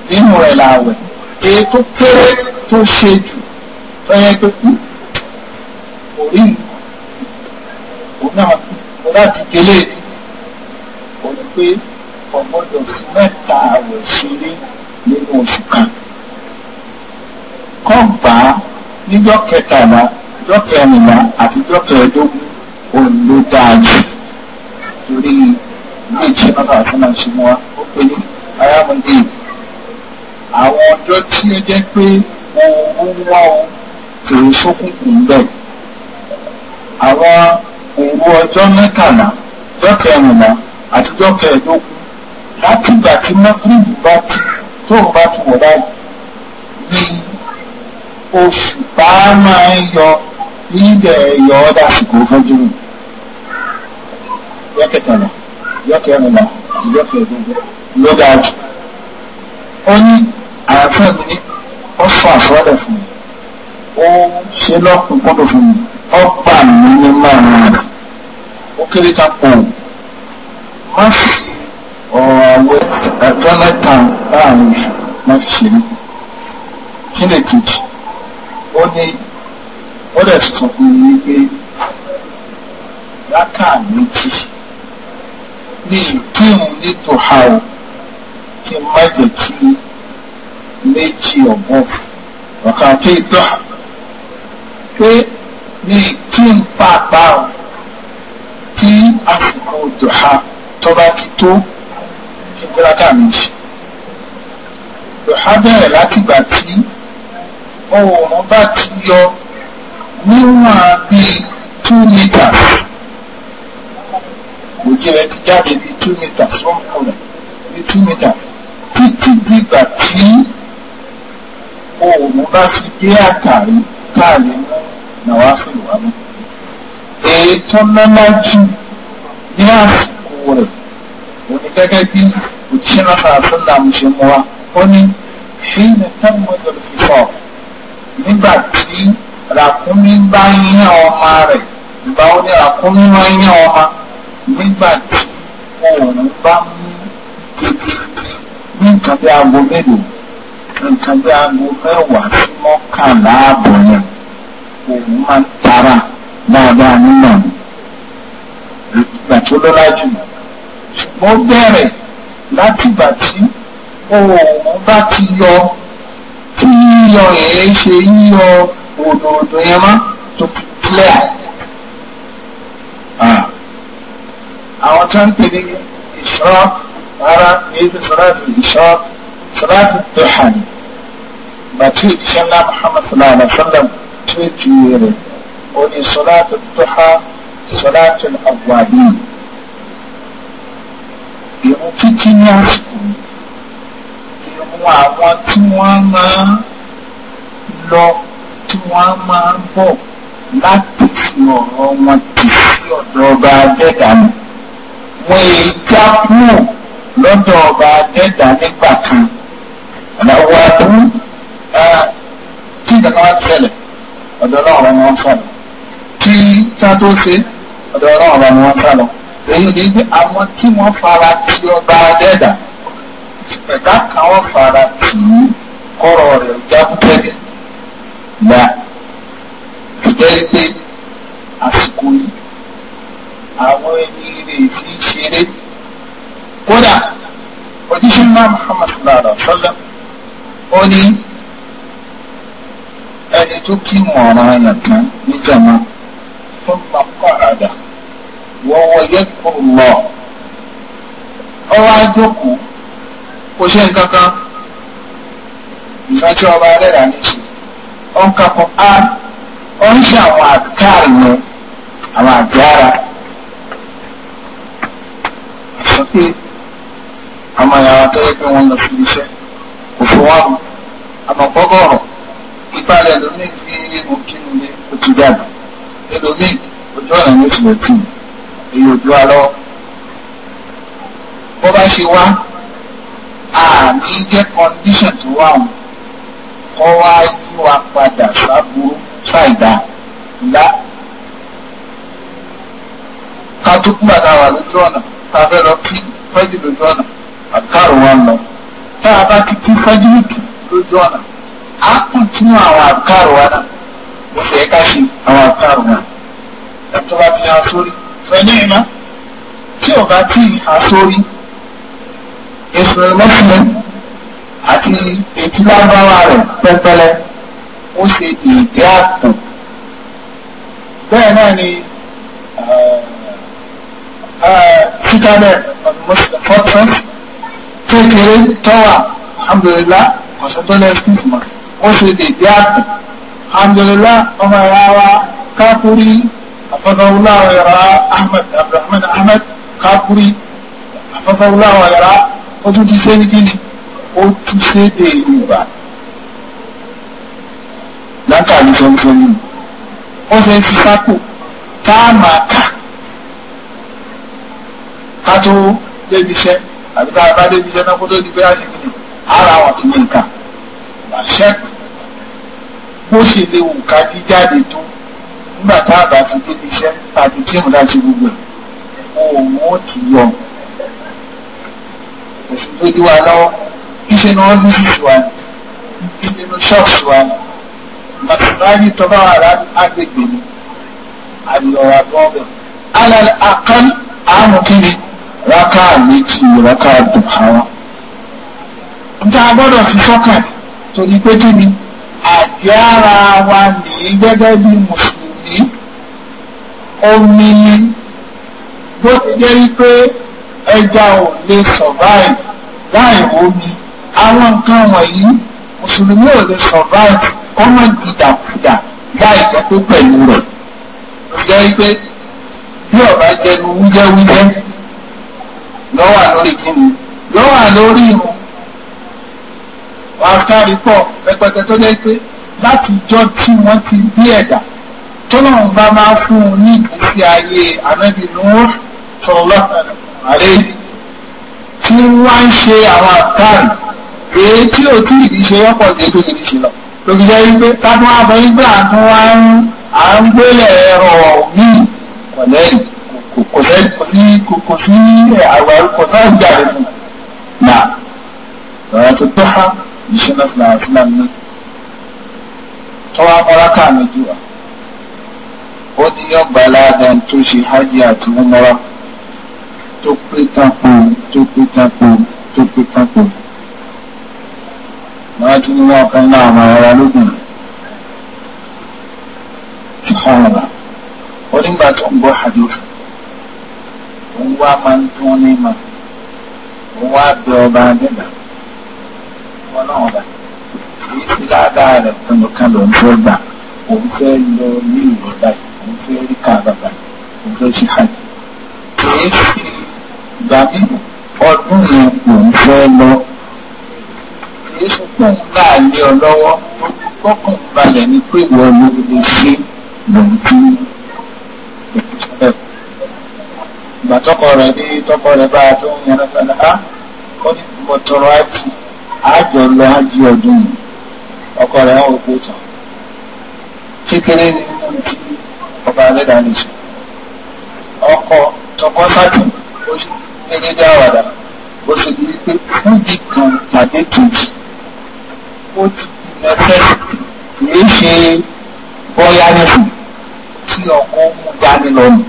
nínú rẹ̀ làwẹ̀ èyí tó kéré tó ṣe jù tọ́yẹ tó kú kò rí òun náà kú òun láti délé ni pé ọ̀gbọ́dọ̀ fún mẹ́ta ṣeré nínú oṣù kan kọ́ gbà kẹtàlá jọ́ kẹrìnlá àti jọ́ kẹẹ̀ẹ́dógún òun ló torí ilé bàbá àti máa ṣe mọ́ wa ó pé ní ayámọ̀dé àwọn ọjọ́ tí ó jẹ́ pé oorun wá o kìí sókùnkùn bẹ́ẹ̀ àwọn òru ọjọ́ mẹ́tàlá jọ́ kẹrìnlá àtijọ́ kẹẹ̀ẹ́dógún látìgbà tí mọ́gírìbì bá ti tóun bá ti wọ̀ báyìí ni oṣù bá máa ń yọ níbẹ̀ yọ ọ́ dásìkò fọ́jú mi yọ kẹtàlá yọ kẹrìnlá yọ kẹẹ̀ẹ́dógún yọ dáa jù ó ní àyàfẹ́ mi ní ó fọ àfọwọ́dẹ̀ fún mi ó ṣe lọ́kùnkúndùn fún mi ó gbà mí ní márùn-ún ó kéré ká pọ̀ òun má fi ọ̀rọ̀ àwẹ̀ ẹ̀jọ́ mẹ́ta láàrin oṣù má fi ṣeré kí lè kejì ó ní ó dẹ̀ tuntun pé ní pé rákà méjì ní ìpín ní tòhá kí n má jẹ́ kí méjì ọ̀gbọ́n ọ̀kà tó dọ̀hà pé ní ìpín pàápàá kí àsìkò dòhá o tó bá ti tó ìgbéraká méjì dùhà bẹ̀rẹ̀ látìgbà tí oòrùn bá ti yọ níwọ̀n bíi two meters òjì rẹ̀ ti jáde bíi two meters wọ́n rẹ̀ bíi two meters títí dìgbà tí oòrùn bá fi dé àtàrí káàlì mú nàwa fìlú wa mú èyí tó jù ní àsìkò rẹ̀ ó ní gẹ́gẹ́ bí òjíṣẹ́ náà sàásùlà ń ṣe mọ́ wa ó ní ṣé ní tẹ́mọ̀tò fífọ̀ nígbà tí ràkúnmí bá yán ọmọ rẹ̀ ìgbà ó ní ràkúnmí máa yán ọmọ nígbà tí òòrùn bá mú ní nǹkan bí aago mélòó nǹkan bí aago mẹ́wàá sí mọ́kànlá ààbọ̀ yẹn òun máa ń tara dáadáa nínú ìgbà tó lọ́lá jù ó bẹ̀rẹ̀ látìgbà tí oòrùn bá ti yọ tí yíyọ yẹn ṣe yíyọ òdòdó yẹn mọ́ tó kílẹ̀ àwọn tó ń pè ní ìṣọ́ ara èyí sọ́ra ìṣọ́ sọ́ra ti tó hàn bàtí ìṣẹ́ ńlá Muhammad sallallahu alaihi wa sallam tó ju rẹ̀ ó ní sọ́ra tó tó àgbàdì ìrun kíkí ní àsìkò ìrun àwọn tí wọ́n máa ń lọ tí wọ́n máa ń bọ̀ láti fi ọ̀rọ̀ wọn tì sí ọ̀dọ̀ ọba adẹ́dà ni wọ́n èyí já kúrò lọ́dọ̀ ọba adẹ́dà nígbà kan àdáwọ̀ àdúró kí ìdáná wá tẹ̀lẹ̀ ọ̀dọ̀ náà ọ̀rọ̀ wọn fà lọ kí ká tó ṣe ọ̀dọ̀ náà ọ̀rọ̀ wọn fà lọ èyí ni pé àwọn tí wọ́n fara ti ọba adẹ́dà ẹ̀dá kan wọ́n fara tí kọ́rọ̀ rẹ̀ jábútẹ́lẹ̀ gbà jẹ́ pé àsìkò yìí àwọn ẹni rẹ̀ fi ń ṣeré kódà ojúṣe náà Muhammad sallallahu alaihi wa sallam ó ní ẹni tó kí mọ̀ràn yàtọ̀ níjàmá tó ń àdá wọ́wọ́ yẹ́kọ̀ lọ ọwọ́ ajókòó kò ṣe nǹkan kan ìrántí ọba ẹlẹ́dàá ní ṣe ó ń kakọ á ó ń ṣe àwọn àkáàrì yẹn àwọn àgbára sókè àwọn ìyàwó tó yẹ kí wọ́n lọ sí iṣẹ́ kò fún wọn àmọ́ gbọ́gọ́rọ̀ ipa rẹ̀ lómi ní ìlú kínú ní ojú dàgbà ẹlòmíì ojú ọ̀nà ní oṣù lẹ́tìmù èyí ò ju wa lọ bó bá ṣe wá àmì jẹ́ condition tó wà wọn kọ́ wá yí wa padà sábúrú ṣàìdá ńlá ká tó kúrò àtàwà lójú ọ̀nà ká fẹ́ lọ kí fẹ́jì lójú ọ̀nà àkàrò wa lọ tá a bá ti kí fẹ́jì lójú ọ̀nà á kùn tún àwọn àkàrò wa náà ó fẹ́ ká ṣe àwọn àkàrò wa ẹ̀ tó bá fi hàn sórí wẹ̀nìmá tí ò bá tí àsórí èso ẹlẹ́sìn àti ètúlágbára rẹ̀ pẹpẹlẹ ó ṣe dèédé àpò bẹ́ẹ̀ náà ni citadel of muslim fortress kékeré tọ́wà alhamdulillah ọ̀sán ó ṣe dèédé àpò alhamdulillah ọmọ ìyá wa kákúrí حفظه الله ويرى أحمد عبد الرحمن أحمد كاكوري حفظه الله ويرى ọdún ti ṣe ní kíni ó tún ṣe dé yorùbá látàrí sọ́nsọ́nù ó ṣe ń fi sápò tá a máa kà ká tó débi iṣẹ́ àbí ká bá débi iṣẹ́ nígbà tá a bá ti débi iṣẹ́ àti kí òun láti gbogbo ẹ̀ òun ó ti yọ òfin tó dí wa lọ́wọ́ kíṣe ni wọ́n lùsì wa ní nínú ṣọ́ọ̀ṣì wa ní màtìláyì tó bá wà lágbègbè ni àbíọ̀wà gbọ́ngàn alẹ́ akán àrùn kíni rákà méjì rákà dùn nta gbọ́dọ̀ fi sọ́kàn torí pé kí ni ara wa nìyí gẹ́gẹ́ bí mùsùlùmí omi ni bó ti jẹ́ wípé ẹja ò lè survive láì omi àwọn nǹkan wọ̀nyí mùsùlùmí ò lè survive ó má gbìdàkudà láì jẹ́ pé pẹ̀lú rẹ̀ ó jẹ́ wípé bí ọ̀bá jẹnu wújẹ́wújẹ́ lọ́wà lórí kíni lọ́wà lórí irun wàá kárí pọ̀ rẹpẹtẹ tó jẹ́ pé láti jọ tí wọ́n ti bí ẹ̀dá tọ́lọ́run bá máa fún un ní ìgbésí ayé ànábì Nuh sallallahu alayhi tí wọ́n ń ṣe àwọn àtàrí èyí tí ò tí ìdí ṣe yọ́pọ̀ tí ètò ìdí ṣe lọ lókè jẹ́ wípé tábí wọ́n abọ́ nígbà tó wá ń à ń gbélé ẹ̀rọ míì kò kò lẹ́yìn kò ní kò sí àwọn ẹ̀rọ náà ń jáde fún nà lọ́rọ̀ tó tó há ìṣẹ́ náà fúnra fúnra mi tọ́wọ́ abọ́ráká mi jù wá ó ní ọgbà aláàdán tó ṣe hajj àti umara tó pé tápò tó pé tápò tó pé tápò máa tún ní wọn kan náà máa ra lóògùn ṣùgbọ́n ó nígbà tó ń gbọ́ hadith òun wá máa ń tún ní ma òun wá bẹ ọba adébà wọn náà bá èyí ti ládàá rẹ̀ kánlọ̀kánlọ̀ ń fẹ́ gbà òun fẹ́ lọ ní ìlú báyìí fẹ́ rí kàbàbà kò fẹ́ ṣe hajj. èyí gbà mí ọdún yẹn kò ń fẹ́ lọ kì í ṣe pé òun náà lé ọ lọ́wọ́ gbọ́kàn balẹ̀ ni pé ìwọ ló lè ṣe lòun tí ìgbà tọkọ rẹ dé tọkọ rẹ bá a tó ń yẹn lọ́sàn án kọ́ ní mo tọrọ ájì àjọ lọ ájì ọdún yìí ọkọ rẹ ń wò pé tán kékeré ni mo ti ọba ẹlẹ́dàá lè ṣe ọkọ tọkọ sájú ó ṣe déédéé àwàdà ó ṣe ní pé níbi kan tàbí kejì ó ti mẹfẹ kìí ṣe bọ́yá nìkan tí ọkọ mú dání lọ́nà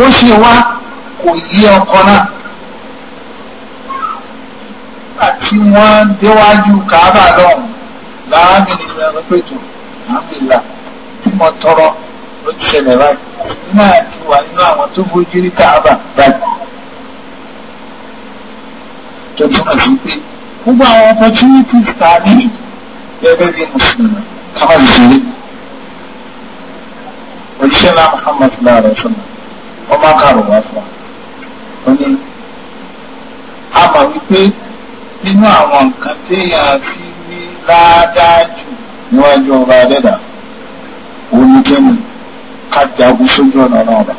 ó ṣe wá kò yí ọkọ náà nígbà tí déwájú kàábà lọ́hùn-ún láàmì nìkan pẹ̀tù àmì ìlànà mọ tọrọ ló ti ṣẹlẹ̀ báyìí náà ti wà nínú àwọn tó bójú ní káàbà báyìí tó túmọ̀ sí pé gbogbo àwọn opportunities ta ní gẹ́gẹ́ bí mùsùlùmí káwọn ìṣeré oníṣẹ́ náà Muhammad láàrọ̀ sọ́nà ọmọ akárọ̀ wá fún wa ó ní a mọ̀ wípé nínú àwọn nǹkan téèyàn fi ní ládájú níwájú ọba adẹ́dàá jẹ́mu ká jagun sójú ọ̀nà náà rà.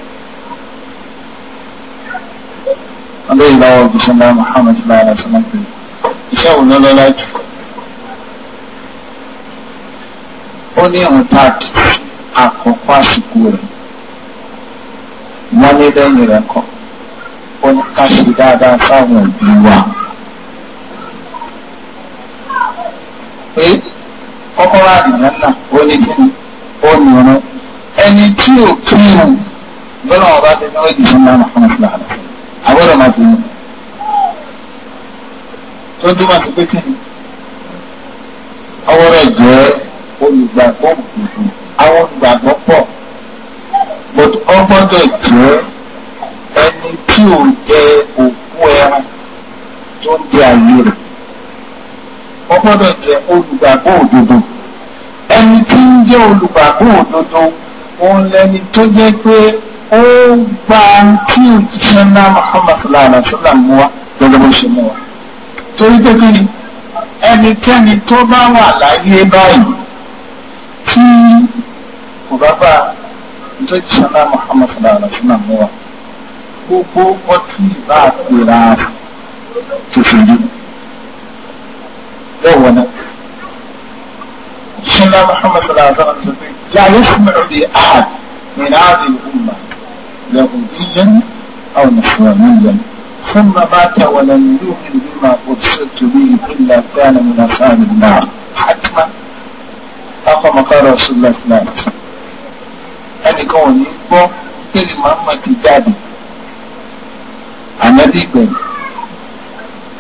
Adé ìlàwọ̀ Bísọ́lá Muhammad Lára Sọ́mọ́pẹ̀. Iṣẹ́ òun lọ́lọ́lá jù. Ó ní ọ̀n táàkì àkọ́kọ́ àsìkò rẹ̀. Wọ́n ní lẹ́yìn rẹ̀ kọ́. Ó ní ká ṣe dáadáa sáwọn òbí wa. Pé kọ́kọ́ wà lọ́wọ́ jù fún náà fún ìṣúná àlọ́ àbọ̀dọ̀ máa bínú tó tó máa fi pé kí ni ọwọ́rọ̀ jẹ́ olùgbàgbọ́ gbùgbù àwọn olùgbàgbọ́ pọ̀ but ọgbọ́dọ̀ jẹ́ ẹni tí ò jẹ òkú ẹran tó ń di àyè rẹ̀ ọgbọ́dọ̀ jẹ́ olùgbàgbọ́ òdodo ẹni tí ń jẹ́ olùgbàgbọ́ òdodo òun lẹni ìṣẹ́ ńlá Muhammad lára sọ́là mú wa gẹ́gẹ́ bó ṣe mú wa torí pé kí ẹnikẹ́ni tó bá wà láyé báyìí tí kò bá bá nítorí ìṣẹ́ ńlá Muhammad lára sọ́là mú wa gbogbo ọtí ìbá àpèrà tòṣèlú bẹ́ẹ̀ wọ́n náà سيدنا محمد صلى الله عليه وسلم لا يسمع بأحد من هذه الأمة له ديا أو نصرانيا ثم مات ولم يؤمن بما أرسلت به إلا كان من أصحاب النار حتما أقوى مقال رسول الله صلى الله عليه وسلم ẹnìkan ò ní gbọ́ tẹ́lẹ̀ Muhammad ti jáde ànábì gbẹ̀rù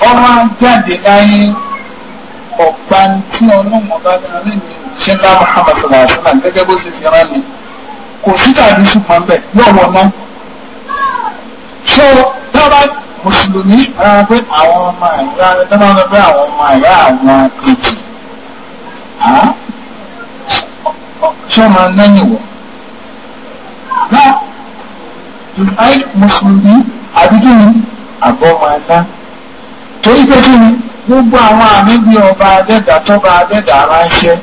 ọmọ jáde láyé ọ̀pá tí ọlọ́mọ bá dára lẹ́nu ṣe ńlá Muhammad sọ̀rọ̀ àṣọ náà gẹ́gẹ́ bó ṣe fi rán mi kò sí tàbí ṣùgbọ́n bẹ́ẹ̀ yóò wọ̀ náà lọ́ba mùsùlùmí rárá pé àwọn ọmọ àyà lọ́ba sọ pé àwọn ọmọ àyà àwọn kejì ṣé ọmọ lẹ́yìn wọ̀ náà ìfáì mùsùlùmí àdúgbò ni àbọ̀ máa dá torí pé kí ni gbogbo àwọn àmì bí ọba adẹ́dà tọ́ba adẹ́dà ránṣẹ́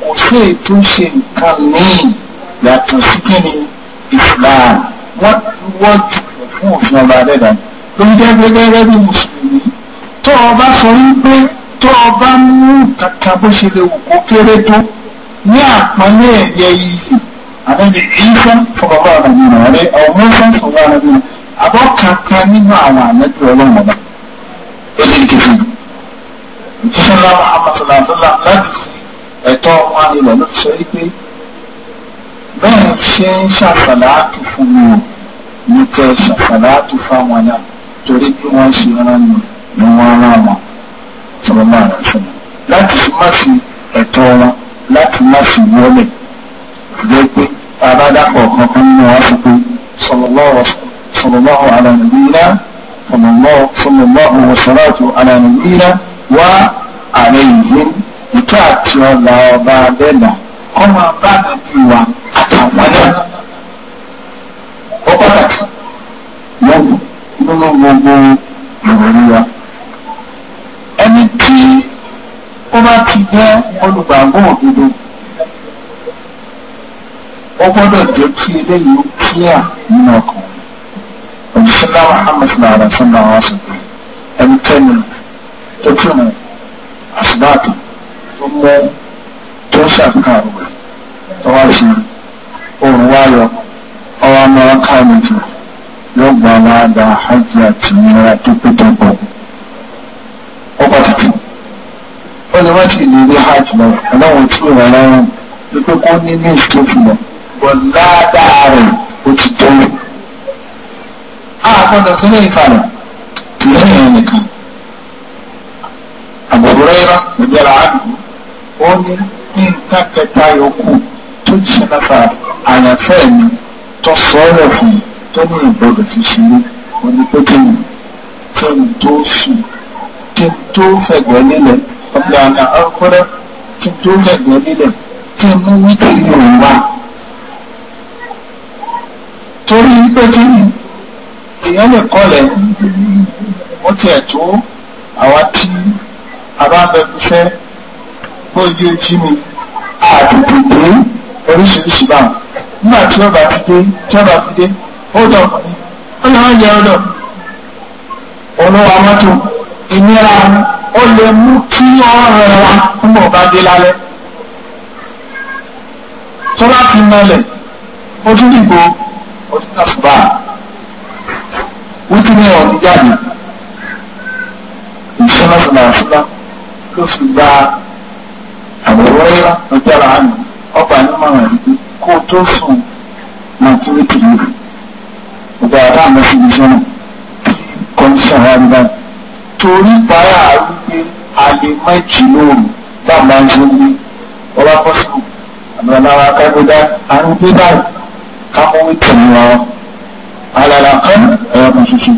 kò sí ètò ṣe nǹkan míì yàtọ̀ sí kí ni Islam wọ́n ju fún òfin ọba adẹ́dà tó ń jẹ́ gẹ́gẹ́ bí mùsùlùmí tó ọba sọ wípé tó ọba mú kàkà bó ṣe lè wù kó kéré tó ní àpọ́nlé ẹ̀yẹ yìí àbẹ́bí ìfẹ́ fọlọ́wọ́ àdàmì rẹ̀ ọ̀mọ́ ìfẹ́ fọlọ́wọ́ àdàmì àbọ̀ kàkà nínú àwọn àmẹ́bí ọlọ́run ọba ó lè kéfì ìfẹ́ láwọn àmọ̀tọ̀lá àbọ̀lá láti ẹ̀tọ́ wọn ilẹ̀ ló sọ wípé bẹ́ẹ̀ ṣe ń ṣàṣàlá àtúfù mi ò ní kẹsàn sàlátù fáwọn náà torí bí wọ́n ṣe rán mi ni wọ́n rán wọn sọ̀rọ̀ máa rẹ̀ sọ̀rọ̀ láti fi má fi ẹ̀tọ́ wọn láti má fi wọlé ìgbẹ́ pé abádàpọ̀ kankan nínú wọn fi pé sallallahu ala nabiyina sallallahu wa salatu ala nabiyina wa ìtọ́ àti ọ̀la ọba abẹ́là ọmọ bá wa àtàwọn náà. nínú gbogbo ìròyìn wa ẹni tí ó bá ti jẹ́ olùgbàgbọ́ òdodo ó gbọ́dọ̀ jẹ́ kí eléyìí ó kíyà nínú ọkàn òṣìṣẹ́lá Muhammad sallallahu alaihi wasallam wa sọ pé ẹni tẹ́nu tó tún mú àṣìbáàtì tó mú tó ṣàfikàrọ̀ rẹ̀ tó wá ṣe òun yọ fún ọ ọlọ́run tí ò rárá wọn wípé kó ní ní ìṣó fún ọ wọn ládàá rẹ ó ti tó rẹ. a gbọ́dọ̀ fi lẹ́yìn fa rẹ̀ lẹ́yìn ẹ̀ nìkan àbọ̀rọ̀ ẹ̀rọ ìjọra àdùgbò ó ní ní nǹkan kẹta yòókù tó jẹ́ nàfà àyànfẹ́ mi tó sọ̀rọ̀ fún tó ní ìgbọ́dọ̀ fi ṣeré onípótìmù kí n tó sùn kí n tó fẹ̀gbẹ́ nílẹ̀ ọ̀pẹ̀ àná ọ̀pẹ̀rẹ̀ kí tó lẹ́gbẹ̀ẹ́ nílẹ̀ kí mú wítìrì òun wá torí pé kí èèyàn lè kọlẹ̀ ó tiẹ̀ tó àwa tí a bá bẹ̀rù fẹ́ bó ibi ojú mi àtètè dé oríṣiríṣi báwọn nígbà tí ọba ti dé tí ọba ti dé ó dọ̀ ọ̀nà ọ̀yẹ́ ọ̀dọ̀ olówó amọ́tò ìnira ó lè mú kí ọ̀rọ̀ wa nígbà ọba dé lálẹ́ tó bá fi mọ́lẹ̀ ojú dìbò ọdún àfùbá wíkí ní ọ̀dún jáde ìṣẹ́nà fúnra fúnra ló fi gba àwòrán ńlá lọ́jọ́ àánú ọgbà ní mọ̀ràn ìdí kó tó sùn máa jì lóòrùn bá máa ń ṣe ní ọba pọ́sùn àmàlàmàrà akágbódá àrùn gbé báyìí ká mọ́ wí kan ẹ̀rọ kan ṣoṣo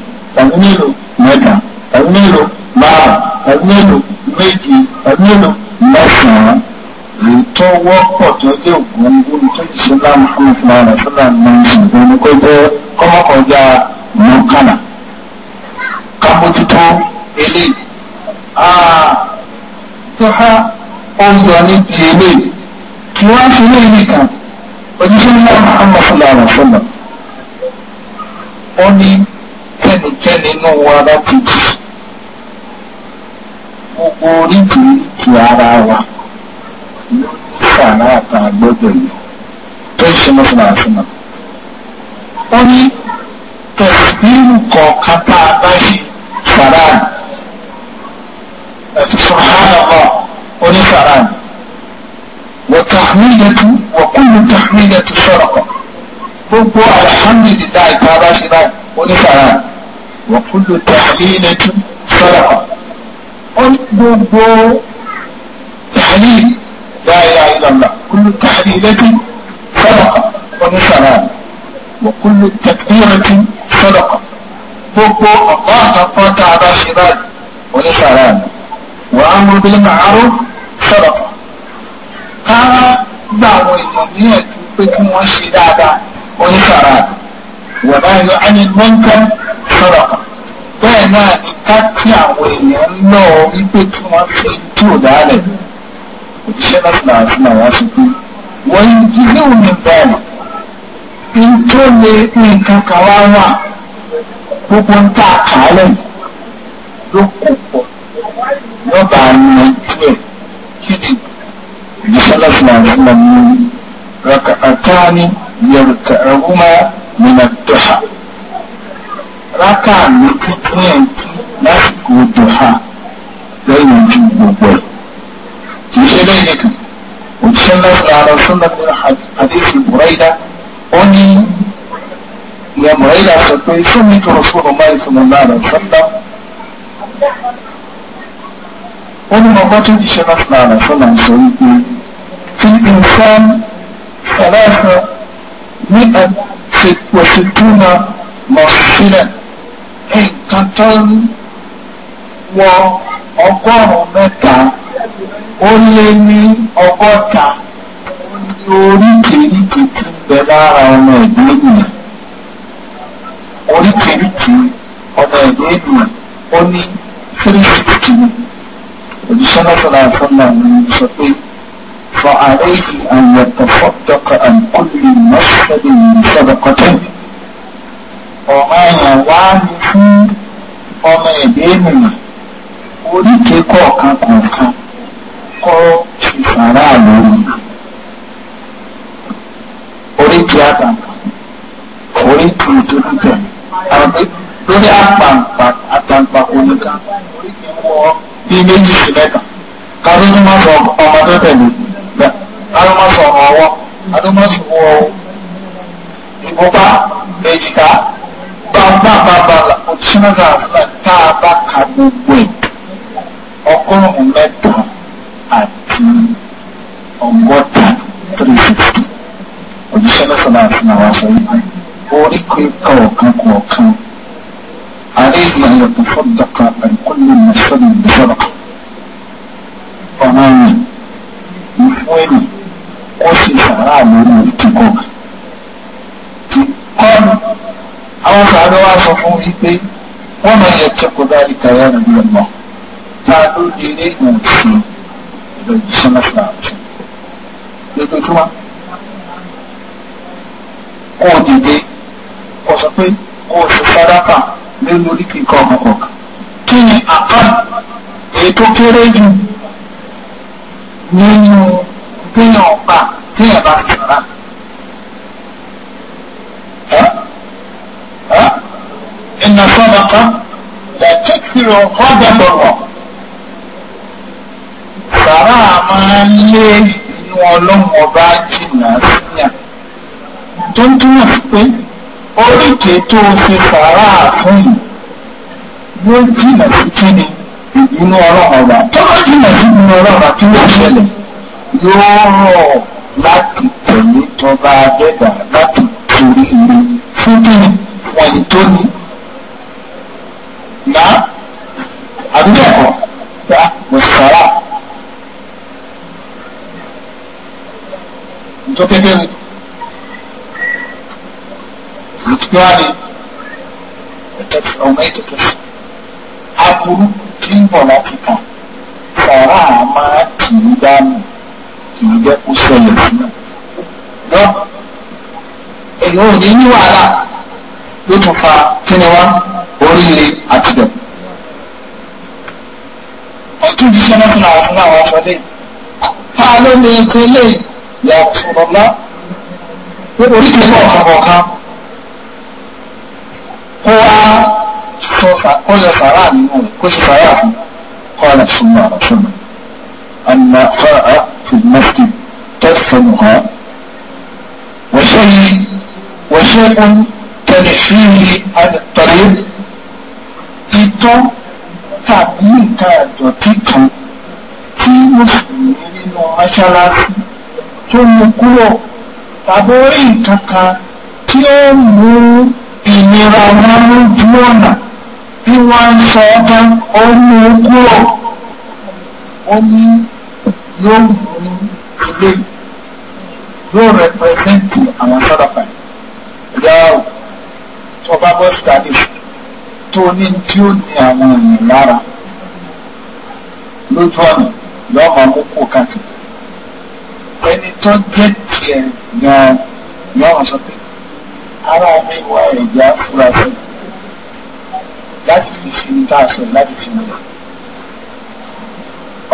oníṣàrà wọ̀dá ìlú ánìmọ́ńkà sọ̀rọ̀ bẹ́ẹ̀ náà ká tí àwọn èèyàn ń lọ wípé kí wọ́n ṣe tí ò dálẹ̀ òjíṣẹ́ náà sì náà náà wọ́n ṣe pé wọ́n yí ilé òní bẹ́ẹ̀ ní tó lè nǹkan kan wá wà gbogbo ń tà kálẹ̀ ló kó pọ̀ wọ́n bá a nà díẹ̀ kí ni òjíṣẹ́ náà sì náà sí náà ní يركعهما من الضحى ركع مركعين نفق الضحى بين الجنب والبر في حليلكم وبسنة على رسول الله من حديث بريدة أني يا مريلة سبي سميت رسول الله صلى الله عليه وسلم أني مباتي بشنة على رسول الله صلى الله عليه وسلم في الإنسان ثلاثة مئة وستون مفصلا nǹkan tó ń wọ ọgọ́rùn-ún mẹ́ta ó lé ní ọgọ́ta ní oríkèéríkèé ti ń bẹ lára ọmọ ìlú ènìyàn oríkèéríkèé ọmọ ìlú ènìyàn ó ní three sixty òjíṣẹ́ náà sọ̀rọ̀ mi sọ pé fọ àárẹ̀ yìí àyẹ̀tọ̀ fọ́tọ̀kọ̀ àmì bíi sọ̀dọ̀kọ̀tẹ́ ọ̀ràn èèyàn wá ní fún ọmọ ẹ̀dẹ́ ènìyàn oríkèé kọ̀ọ̀kan kọ̀ọ̀kan kọ́ ìfàrà lórí oríkèé àtàkùn orí kìí tó ń tẹ̀. Àbí lórí àpàǹpà àtàǹpà oníkà bí méjì sí mẹ́ta. Káró ló máa sọ ọmọ tó tẹ̀lé. Káró máa sọ ọmọ ọwọ́. Káró máa ọba ẹ̀jìká bàbá bàbá ọ̀túnra tá a bá ka gbogbo ẹ̀ ọgọ́rùn-ún mẹ́ta àti ọgọ́ta three sixty ojúṣe lọ́sọ̀lá àti àwọn aṣọ wípé orí kan ọ̀kan kan ọ̀kan àríyìn ayọ̀tún fọ́dọ̀kan àìkúlẹ̀ mọ̀ṣọ́lẹ̀ ìbísọ̀rọ̀ ọ̀ràn yìí ìfún èlò ó sì sàrà lórí ìtìkọ̀ọ̀kan. àwọn sàárẹ̀ wá sọ fún wípé wọ́n máa yẹ tẹ́kọ̀ọ́ láti kàyà nàbí ọmọ ta ló lè rí ìwọ̀n sí ìlọ ìjíṣẹ́ lọ́sọ̀rọ̀ àti lójoojúmọ́ kó o dìde kó o sọ pé kó o sì sádákà lórí oríkì nǹkan kí ni àpá èyí kéré jù nínú gbìyànjú gbà téèyàn bá إن الصدقة لا تكفر غضب الله sàrà máa ń lé inú ọlọ́run ọba jìnnà síyà tó ń túmọ̀ sí pé oríkèé tó o ṣe sàrà fún yìí yóò jìnnà sí kíni inú ọlọ́run ọba tó bá sí inú ọlọ́run ọba kí ṣẹlẹ̀ yóò rọ̀ láti tẹ̀lé tọba adẹ́gbà láti torí ire fún kíni wọ̀nyí tó ní nà àdúgbò ẹ̀kọ́ gbà mo sì sàrà nítorí kékeré nítorí wá ní ọmọ ètò tó sùn aburú tí ń bọ̀ láti kàn sàrà máa tì í dánù kì í jẹ́ kó ṣẹlẹ̀ sínú gbọ́ èyí ò ní ní wàhálà ló tún fa kí wá. oríire àti dẹ̀. ó tún di sọ́nà fún àwọn fún àwọn afọlé ta ló lè pe lè yà fúnlọ́lá pé oríṣi náà kọ̀ọ̀kan kó wá kó yọ sàrà nínú rẹ̀ kó sì sàrà fún kọ́ọ̀lá súnmọ́ àrà súnmọ́ àmà fáà fi mọ́sítì tẹ́sán hàn wọ́n ṣe yí wọ́n ṣe ń tẹ̀lé fíìlì àti tọ́lé itọ́ tàbí nǹkan àjọ̀tí kan tí mùsùlùmí nínú mọ́ṣáláṣí tó mú kúrò tàbí orí nǹkan kan tí ó mú ìnira wọn lójú ọ̀nà bí wọ́n ń sọ ọ́tán ó mú kúrò ó ní yóò mú ilé yóò rẹpẹsẹ́ntì àwọn sábàbà ìyá ò tó bá bọ́ sí àdéhùn tó ní tí ó ní àwọn èèyàn lára lójú ọ̀nà yóò máa mú kó káàkiri ẹni tó jẹ́ tiẹ̀ gan-an yóò máa sọ pé ara mi wá ẹ̀jẹ̀ afurasí láti fi sinmi tá a sọ láti fi mọ̀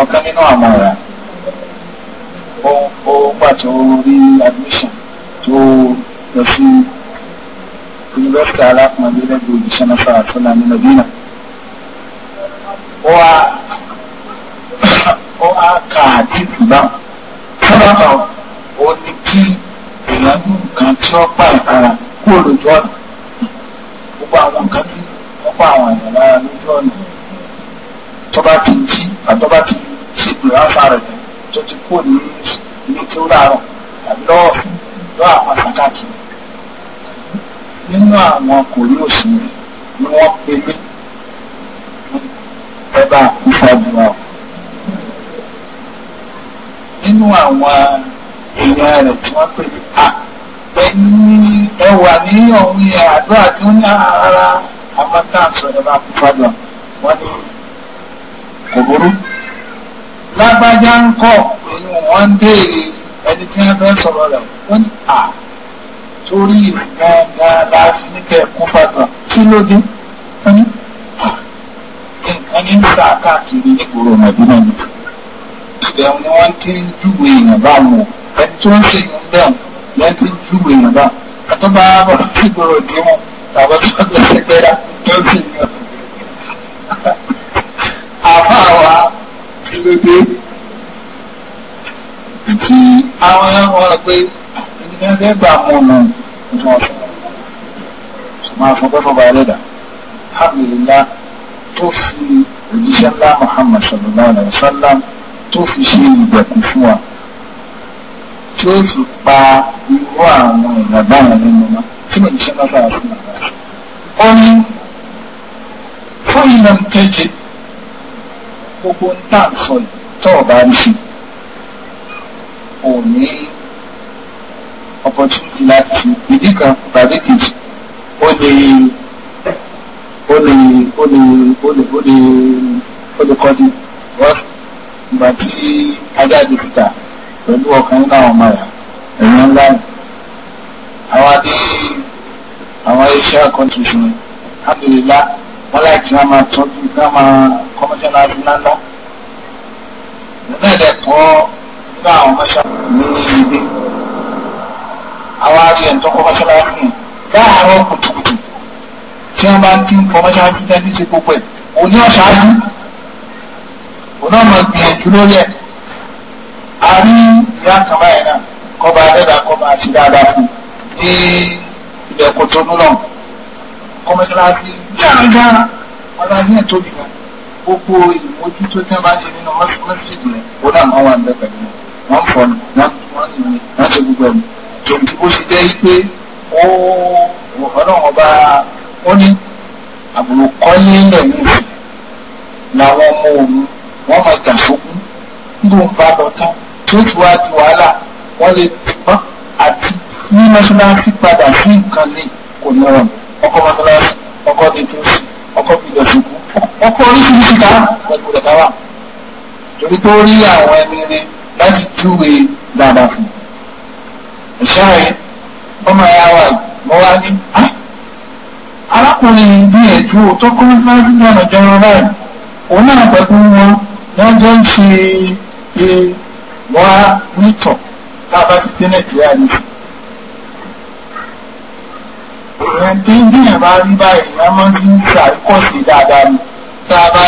ọ̀kan nínú àwọn ọ̀rá ó gbà tó rí admission tó lọ sí lọ́ọ̀kì alápọ̀nlé lẹ́gbẹ̀ẹ́ òjíṣẹ́ náà sọ̀rọ̀ àtúnlá ní Medina ó wá ó wá ka àdìsí bá sábà ó ní kí èèyàn ní nǹkan tí ó pa ìtara kú òròjú ọ̀nà gbogbo àwọn nǹkan tí wọ́n pa àwọn èèyàn lára lójú ọ̀nà tó bá ti jí àtọ́ bá ti ṣe pè wá sára rẹ̀ tó ti kú ní ilé tí ó láàárọ̀ tàbí lọ́wọ́ fún lọ́wọ́ àwọn àṣàkáàkiri nínú àwọn kò ní òṣèré ni wọ́n pe mí ẹ bá kú ṣáájú wa nínú àwọn èèyàn rẹ̀ tí wọ́n pè mí à ẹni ẹwà ní ọ̀hún yẹn àdúrà tí ó ní ara àwọn táǹsì ẹ bá kú kò burú lágbájá ń kọ̀ pẹ̀lú wọ́n ń béèrè ẹni tí wọ́n fẹ́ sọ̀rọ̀ rẹ̀ wọ́n ní à torí rẹ̀ gbọ́ngàn la fi ní kẹ́ kó fagbọ̀n kí ló dé wọ́n ní ah, nǹkan ní sá káàkiri nígboro nàìjíríà ní ìbẹ̀rù ni wọ́n ti ń júwe èèyàn báwọn o ẹni tó ń ṣe ìyẹn bẹ́ẹ̀ wọ́n ti ń júwe èèyàn báwọn àtọ́ba bọ̀ sígboro ìdíwọ̀n tàbí sọ́dọ̀ ṣẹgbẹ́ra tó ń ṣe ìyẹn àfa àwa kí ló dé tí àwọn ẹ̀rọ wọn pé ẹni ẹgbẹ́ gbà mọ̀ náà nínú ọ̀sán ṣùgbọ́n afọ́gbọ́fọ́ bá rẹ̀dà alhamdulillah tó fi òjíṣẹ́ ńlá Muhammad sallallahu alaihi wasallam tó fi ṣe ìgbẹ̀kùn fún wa tí ó fi pa irú àwọn ìgbàgbọ́ àwọn nínú wọn tí mo ní ṣe máa fara fún àwọn àṣà ó ní fún ìlànà kejì gbogbo ń tà ń sọ yìí ọ̀bá rí sí òní opportunity láti ṣe ìdí kan tàbí kejì ó lè ó lè ó lè ó lè ó lè ó lè kọ́ di wọ́n ìgbà tí ajáde síta pẹ̀lú ọkàn nínú àwọn ọmọ rẹ̀ ẹ̀yìn ńlá ni àwọn adé àwọn asia contribution alhamdulillah wọn láti wọn máa tọ́jú ká máa kọ́mọ́tẹ́lá sí lálọ́ bẹ́ẹ̀ dẹ̀ kọ́ nínú àwọn ọmọ ṣàkóso ní ilé àwọn arí ẹ̀ tó kọ́ mọ́ṣáláṣí yẹn láàárọ̀ kùtùkùtù tí wọ́n bá ti ń kọ́ mọ́ṣáláṣí tẹ́ ní ti gbogbo ẹ̀ òní ọ̀ṣáájú òní ọ̀nà gbìyànjú lórí ẹ̀ a rí ìyá kan báyìí náà kọba adẹ́dà kọba àti dáadáa fún ní ilẹ̀ kòtò nílọ̀ kọ́ mọ́ṣáláṣí gángan wọn bá ní ètò ìgbà gbogbo ìmójútó tí wọ́n bá ṣe nínú mọ́ṣáláṣí rẹ̀ ó dà máa wà ń ó sì jẹ́ pé ó ọlọ́run ọba ó ní àbúrò kọ́lé lẹ́yìn òfin làwọn ọmọ òun wọ́n máa jà sókún nígbà wọn bá lọ tán tó ti wá di wàhálà wọ́n lè tìpọ́ àti ní mọ́ṣáláṣí padà sí nǹkan lè kò ní ọ̀rọ̀ ọkọ mọ́ṣáláṣí ọkọ tuntun sí ọkọ bìlọ̀ sókún ọkọ oríṣiríṣi ká pẹ̀lú rẹ̀ ká wà torí tó rí àwọn ẹni rẹ̀ láti júwe dáadáa fún un ìṣẹ́rẹ̀ ọmọ ẹ̀yà wa mọ́ wá ní á arákùnrin bí ètò tó kọ́ láti dáná jọra báyìí òun náà pẹ̀lú wọn wọ́n jọ ń ṣe e wá nítọ̀ tá a bá ti dé nàìjíríà ní. ìyẹn tí bíyàn bá rí báyìí ni máa ń fi ṣàkóso dáadáa ni tá a bá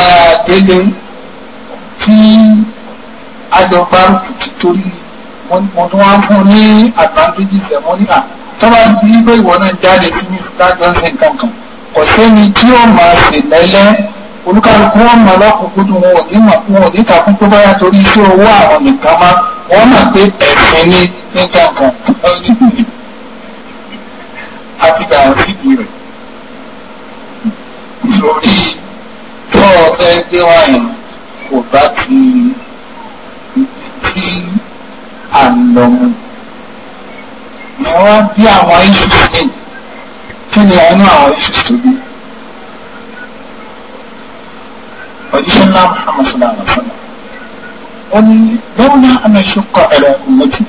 délé tí a jọ gbárùkù títorí wọ́n tún wá fún ní advantage ìfẹ́ wọ́n ní à tó bá bí pé ìwọ náà jáde sí ní background nǹkan kan kò sẹ́ni tí ó máa ṣe lẹ́lẹ́ olúkálukú wọn mọ lọ́kùnkúndùn wọn ò ní mọ̀ wọn ò ní kàkún tó báyà torí iṣẹ́ owó àwọn nìkan má wọ́n mọ̀ pé ẹ̀sìn ní nǹkan kan àti gbàrún síbi rẹ̀ lórí tó ọ̀fẹ́ gbé wáyé kò bá ti lọ mú ni wọ́n bí àwọn iṣu tó ní kí ni ọ̀nà àwọn iṣu tó bí òjíṣẹ́ ńlá Muhammad sallallahu alaihi wa sallam ó ní lọ́wọ́n náà àmì ìṣúkọ̀ ẹ̀rọ ìmọ̀jú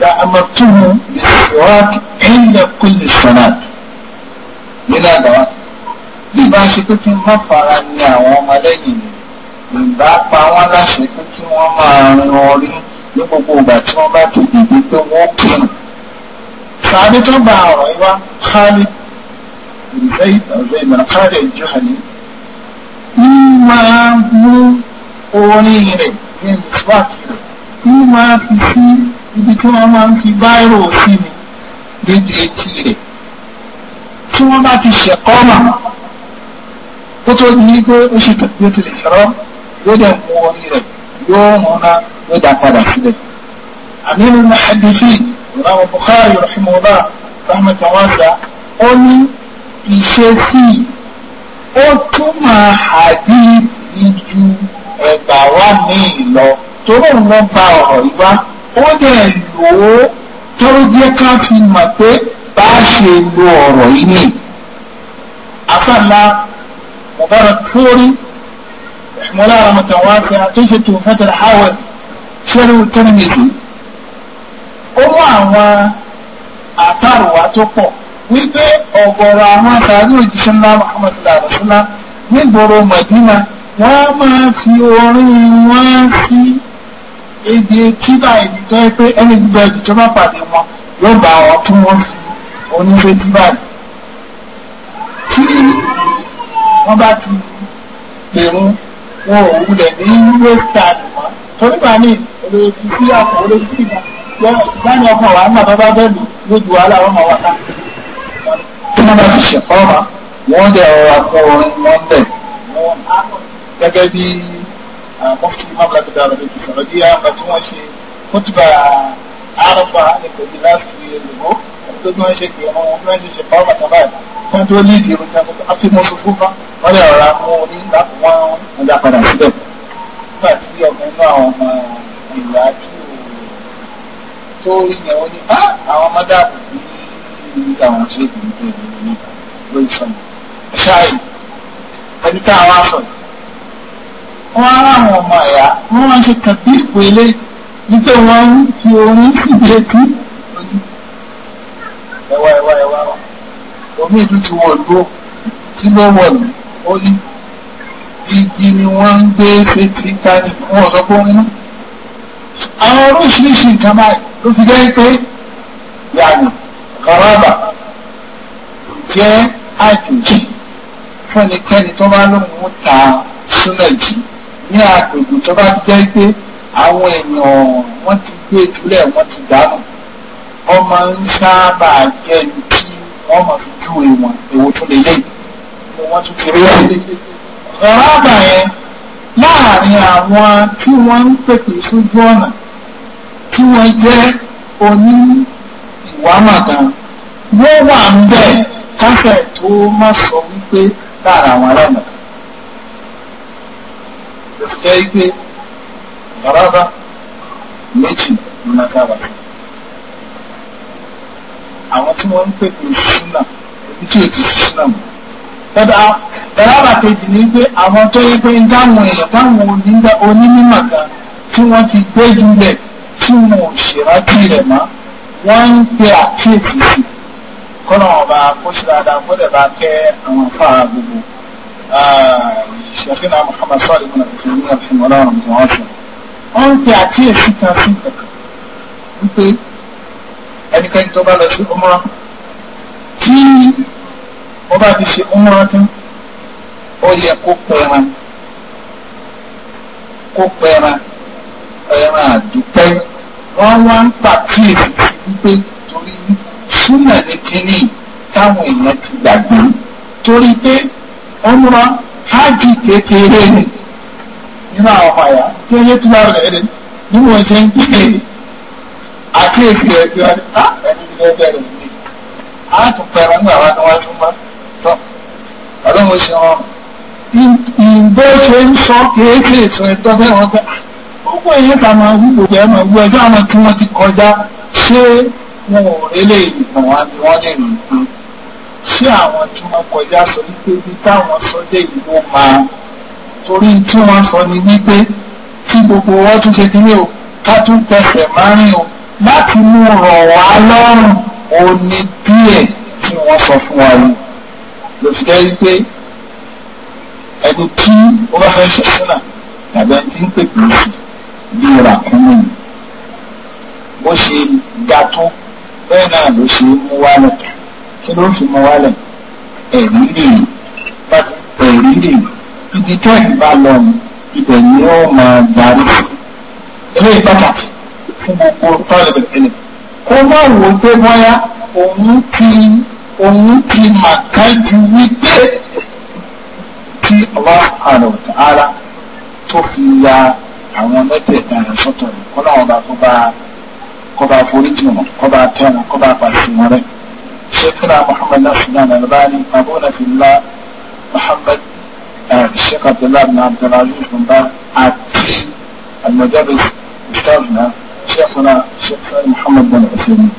la amartuhu bisiwak inda kulli salat nínú àgbà bí ìbá ṣe pé kí n má fara ní àwọn ọmọlẹ́yìn mi ìbá pa wọ́n láṣẹ pé kí wọ́n máa ran orí ní gbogbo ìgbà tí wọ́n bá ti dìde pé wọ́n kírun sàbí tó gba ọ̀rọ̀ yìí wá Khalid ìrìfẹ́ ìtàwé ìmọ̀ Khalid ìjọ́hàní ń máa mú orin rẹ̀ ní mùsùlùmí rẹ̀ ń máa fi sí ibi tí wọ́n máa ń fi báírò sí ni níbi etí rẹ̀ tí wọ́n bá ti ṣẹ̀kọ́ mà ó tó ní pé ó ṣe tàbí ó ṣọ́rọ́ yóò dẹ̀ mú orin rẹ̀ yóò múra ló dá padà sílẹ̀. àmínú mahadifi ìmáàmù Bukhari rahimahullah rahmatan wasa ó ní ìṣesí ó túmọ̀ àdìrí ju ẹgbà wá míì lọ torí òun lọ gba ọ̀rọ̀ ìwá ó dẹ̀ lò ó tó jẹ́ ká fi mọ̀ pé bá a ṣe lo ọ̀rọ̀ yìí ni afárá mubarak fúri ìmọ̀lára mọ̀tàwá fi àtúnṣe tó fẹ́ tẹ̀lé howard ṣẹ́rú tírímìtì ó mú àwọn àtàrùwá tó pọ̀ wípé ọ̀gọ̀rọ̀ àwọn àtàrí òjíṣẹ́ ńlá muhammadu rasulullah nígboro mọ̀dínà wọ́n máa fi orin wọn sí èdè tíbà èdè tó yẹ pé ẹni gbígbà èdè tó bá pàdé wọn yóò bá wọn tún wọn fi oníṣẹ́ tíbà tí wọ́n bá ti pèrún wọn ò wulẹ̀ ní wíwé sáà nìwọ̀n torípa ní olórí sí àpò olórí ti ìgbà ìgbàni ọkọ̀ wà nígbà bábá bẹ́ẹ̀lú lójú wàhálà ọmọ wa ká. kí wọ́n máa fi ṣẹ̀kọ́ ọ̀ma wọ́n dẹ̀ ọ̀rọ̀ àpò orin wọ́n dẹ̀ gẹ́gẹ́ bí mọ́fìtì mọ́kàtúndà rẹ̀ ti sọ̀rọ̀ bí àgbà tí wọ́n ṣe fútùbà àrùfà nìkòjì láti fi èlùbọ́ tó bí wọ́n ṣe pè wọ́n wọ́n fẹ́ẹ́ ṣe pàwọ́ bàtà báyìí wọ́n tó líìdì nígbà tí ọ̀gbìn náà àwọn ọmọ ìlà tó rí yẹn ó ní bá ah! àwọn ọmọ dáàbò bí àwọn tí ó bìí tó ìlú ní lórí sọmọ ṣáì ẹni tá àwọn afọ wọn á àwọn ọmọ ẹ̀yà wọn máa ṣe kàn bí ìpò ilé nígbà wọn ń fi orin síbi etí ẹwà ẹwà ẹwà omi ìlú ti wọ ìgbó kí ló wọ ní ó ní igi ni wọ́n ń gbé fetí kalẹ̀ fún ọ̀sọ́pọ̀ nínú àwọn oríṣiríṣi nǹkan máa ló fi jẹ́ pé yàgò kọ̀rọ̀bà jẹ́ àjòjì fún ẹnikẹ́ni tó bá lóun ń ta súnlẹ̀ jù ní àgbègbè tó bá jẹ́ pé àwọn èèyàn wọ́n ti gbé ìtúlẹ̀ wọ́n ti dànù ọmọ ń sábà jẹ́ ní kí wọ́n mọ̀ fi júwe wọn èwo tó lè wọ́n tún fi rí ọ́ rọ́bà yẹn láàrin àwọn tí wọ́n ń pèpè sójú ọ̀nà tí wọ́n jẹ́ oní ìwámàgàn wọ́n wà ń bẹ̀ káfẹ́ tó má sọ wípé lára àwọn alámọ̀dá lọ́fẹ́ wípé rọ́bà méjì ló lágbára àwọn tí wọ́n ń pèpè sínà ẹbí tí èkìtì sínà mọ́ tọ́dá tọ́lábà kejì ní pé àwọn tó yẹ pé ń dáhùn èèyàn táwọn onímọ̀ kan tí wọ́n ti gbé jùlẹ̀ tí wọn ò ṣèrántí rẹ̀ mọ́ wọ́n ń pe àkíyèsí sí kọ́nà ọba kó ṣe dáadáa kó lè bá kẹ́ àwọn fáà gbogbo ṣèkínà Muhammad sọ́ọ̀lì múnà fún mi àti ọlọ́run tó wọ́n sọ. wọ́n ń pe àkíyèsí kan sí kankan wípé ẹnikẹ́ni tó bá lọ sí ọmọ tí ó bá ti ṣe umra tán ó yẹ kó pẹran kó pẹran ẹran àdúpẹ́ wọ́n wá ń pàkíyèsí wípé torí súnà ní kínní táwọn èèyàn ti gbàgbé torí pé umra hajj kékeré ni nínú àwọn ọmọ àyà tí ó yẹ kí wọ́n rẹ̀ rẹ̀ bí wọ́n ṣe ń gbé àkíyèsí ẹ̀ tí ah, ẹni tí wọ́n bẹ̀rẹ̀ ní àtúpẹ̀rẹ̀ nígbà wọn ni wọ́n tún máa ọlọ́run ṣe wọn ìgbó ṣe ń sọ kìí ṣe ètò ẹ̀tọ́ bẹ́ẹ̀ wọ́n pẹ́ gbogbo èyí ta máa wú gbogbo ẹ̀ máa wú ẹjọ́ àwọn tí wọ́n ti kọjá ṣé wọn ò rélé ìgbìmọ̀ wá ni wọ́n lè rìn pé ṣé àwọn tí wọ́n kọjá sọ wípé bí táwọn sọdé yìí ló máa torí tí wọ́n sọ ni wípé tí gbogbo wọn tún ṣe kíní o ká tún tẹsẹ̀ márùn o láti mú rọ̀ wá lọ́rùn òní díẹ̀ tí wọ́n sọ fún wa yìí ló fi jẹ́ wípé ẹni tí ó bá fẹ́ ṣe sílà tàbí ẹni tí ń pèpè sí bí ràkúnmí bó ṣe ga tó bẹ́ẹ̀ náà ló ṣe mú wálẹ̀ kí ló fi mú wálẹ̀ ẹ̀rí lè ẹ̀rí lè ibi tẹ́ẹ̀mí bá lọ ibẹ̀ ni ó máa darí sí eléyìí pàtàkì fún gbogbo tọ́lẹ̀ bẹ̀rẹ̀ kó má wò ó pé bóyá òun ti òun ti mà kájú wípé tí Allah subhanahu wa ta'ala tó fi ya àwọn mẹ́tẹ̀ẹ̀ta rẹ̀ sọ́tọ̀ rẹ̀ kọ́ láwọn bá kọ́ bá kọ́ bá foríjì wọn kọ́ bá tẹ́ wọn kọ́ bá pàṣẹ wọn rẹ̀ ṣẹ́kúnra Muhammad nasiru Albani abúlé fìlá Muhammad eh, Sheikh Abdullahi bin Abdulaziz bin Baz àti المدرس أستاذنا شيخنا شيخ محمد بن عثيمين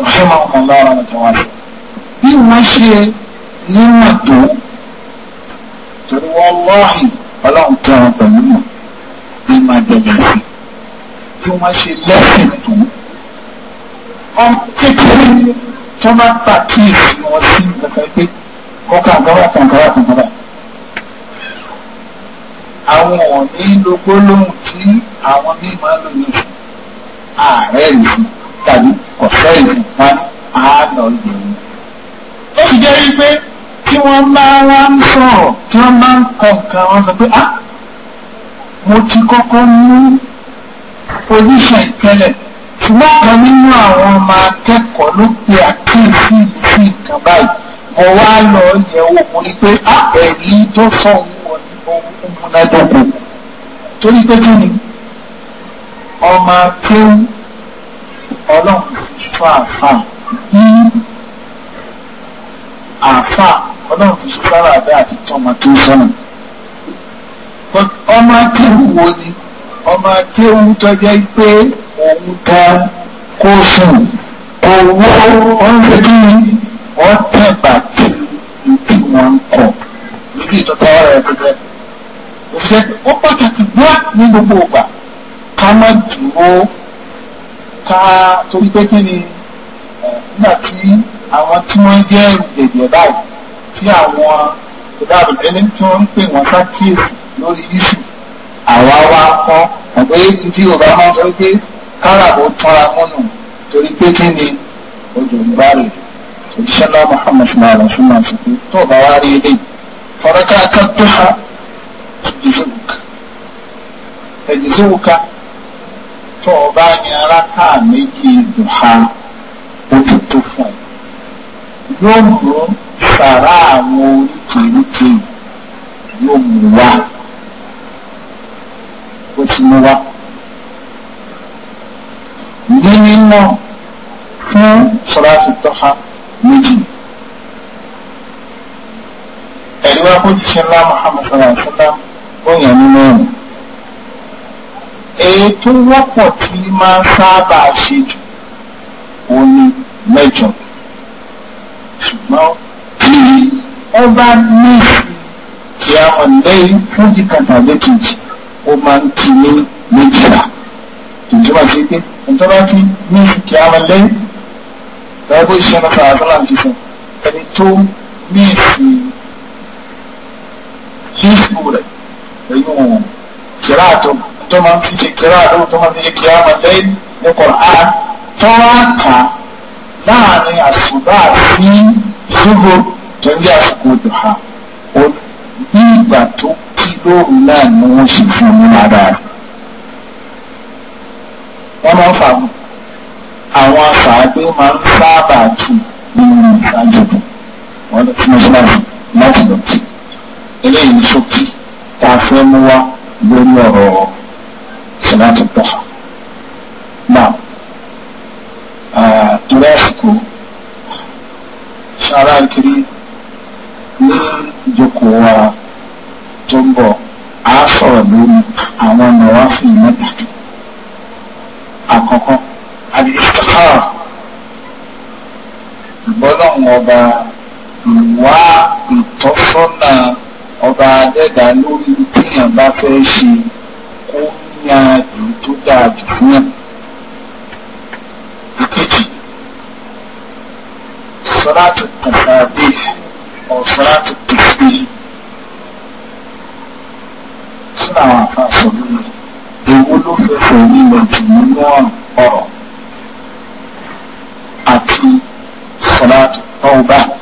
رحمه الله رحمة واسعة bí wọ́n ṣe níwọ̀n tó torí wọ́n lọ́ọ̀hì ọlọ́run tẹ wọn pẹ̀lú mọ̀ bí máa dẹ̀gbà sí bí wọ́n ṣe lẹ́sìn tó wọ́n kékeré tó máa ń pàkíyèsí wọn sí ìgbàgbọ́ pé kọ́kàǹkọ́rà kàǹkọ́rà kàǹkọ́rà àwọn ọ̀ní ló gbólóhùn tí àwọn míì máa ń lò ní fún ààrẹ ìfún tàbí kọ̀fẹ́ ìfún pa àánà ìgbìmọ̀ ó fi jẹ́ wípé tí wọ́n bá wá ń sọ̀rọ̀ tí wọ́n bá ń kọ nǹkan wọn sọ pé ah mo ti kọ́kọ́ mú oníṣẹ́ ìtẹ́lẹ̀ ṣùgbọ́n kan nínú àwọn ọmọ akẹ́kọ̀ọ́ ló pe àkíyèsí sí nǹkan báyìí mo wá lọ yẹ̀ wò mo rí pé ah ẹ̀rí tó sọ òun òun múnádóko torí pé kí ni ọmọ akéwù ọlọ́run fún àfà àfà ọlọ́run fi ṣe sára abẹ́ àti tọmọ tó sọnù ọmọ akéwù wo ni ọmọ akéwù tó jẹ́ pé òun ta kó sùn kò wó oúnjẹ bí wọ́n tẹ̀ bàtì ìdí wọn kọ̀ lórí ìtọ́ta ọ̀rọ̀ ẹ̀ gẹ́gẹ́ òfìsẹ́ ó pàtàkì gbá ní gbogbo ìgbà ká má dúró ká torí pé kí ni nígbà tí àwọn tí wọ́n jẹ́ ìgbègbè báyìí tí àwọn ìdáàbò ẹni tí wọ́n ń pè wọ́n sákìyèsí lórí yíṣù àwa wa kọ́ ọ̀gbẹ́ tí yorùbá máa ń sọ pé káràbọ̀ tọ́ra mọ́nù torí pé kí ni òjò ń bá rè òṣìṣẹ́ náà muhammed sùnmọ́ àlọ́ sùnmọ́ àti pé tó bá wá rí ilé fọ́nrẹ́ká ká ha ìdíjọ́wùká ẹ̀díjọ́wùká tó bá ní ara káà méjì dùn ha yóò mú sàrà àwọn oríkèéríkèé yóò mú wá ó ti mú wá ní mímọ́ fún sọ́láṣí tọ́ha méjì ẹ̀rí wá kó jíṣẹ́ ńlá Muhammad sallallahu alaihi ó yàn nínú ọ̀nà èyí tó wọ́pọ̀ tí máa sábà ṣe jù ó ní mẹ́jọ ṣùgbọ́n tí ó bá ní ìyàwó lẹ́yìn fúnjì kan tàbí kejì ó máa ń ti ní méjìlá ìjọba ṣe pé ìjọba ti ní ìyàwó lẹ́yìn lọ́wọ́ bó ṣe ọ̀nà sàrà sọ́là ti sọ ẹni tó ní ìsìn fífù rẹ̀ pẹ̀lú kìrá tó máa ń fi ṣe kìrá tó máa ń fi ṣe kìrá mọ̀ lẹ́yìn ní kọ̀ọ̀án tó wá kàn láàrin àsùbá sí ṣúgbó tó ń jẹ́ àsìkò dùhà bí ìgbà tó kí lóru náà ni wọ́n ṣe fún un lára wọ́n máa ń fà mọ́ àwọn afàágbé máa ń sábà tù nínú ìfàjọbù wọn lọ fún ọjọ́ láti láti lọ sí eléyìí ṣókí tá a fẹ́ mú wá lórí ọ̀rọ̀ ṣẹlá tó tọ́fà. ìjókòó wa tó ń bọ̀ á sọ̀rọ̀ lórí àwọn ọ̀nà wa fún ìmọ̀ta àkọ́kọ́ àdìsíkà ìgbọ́lọ́hùn ọba over.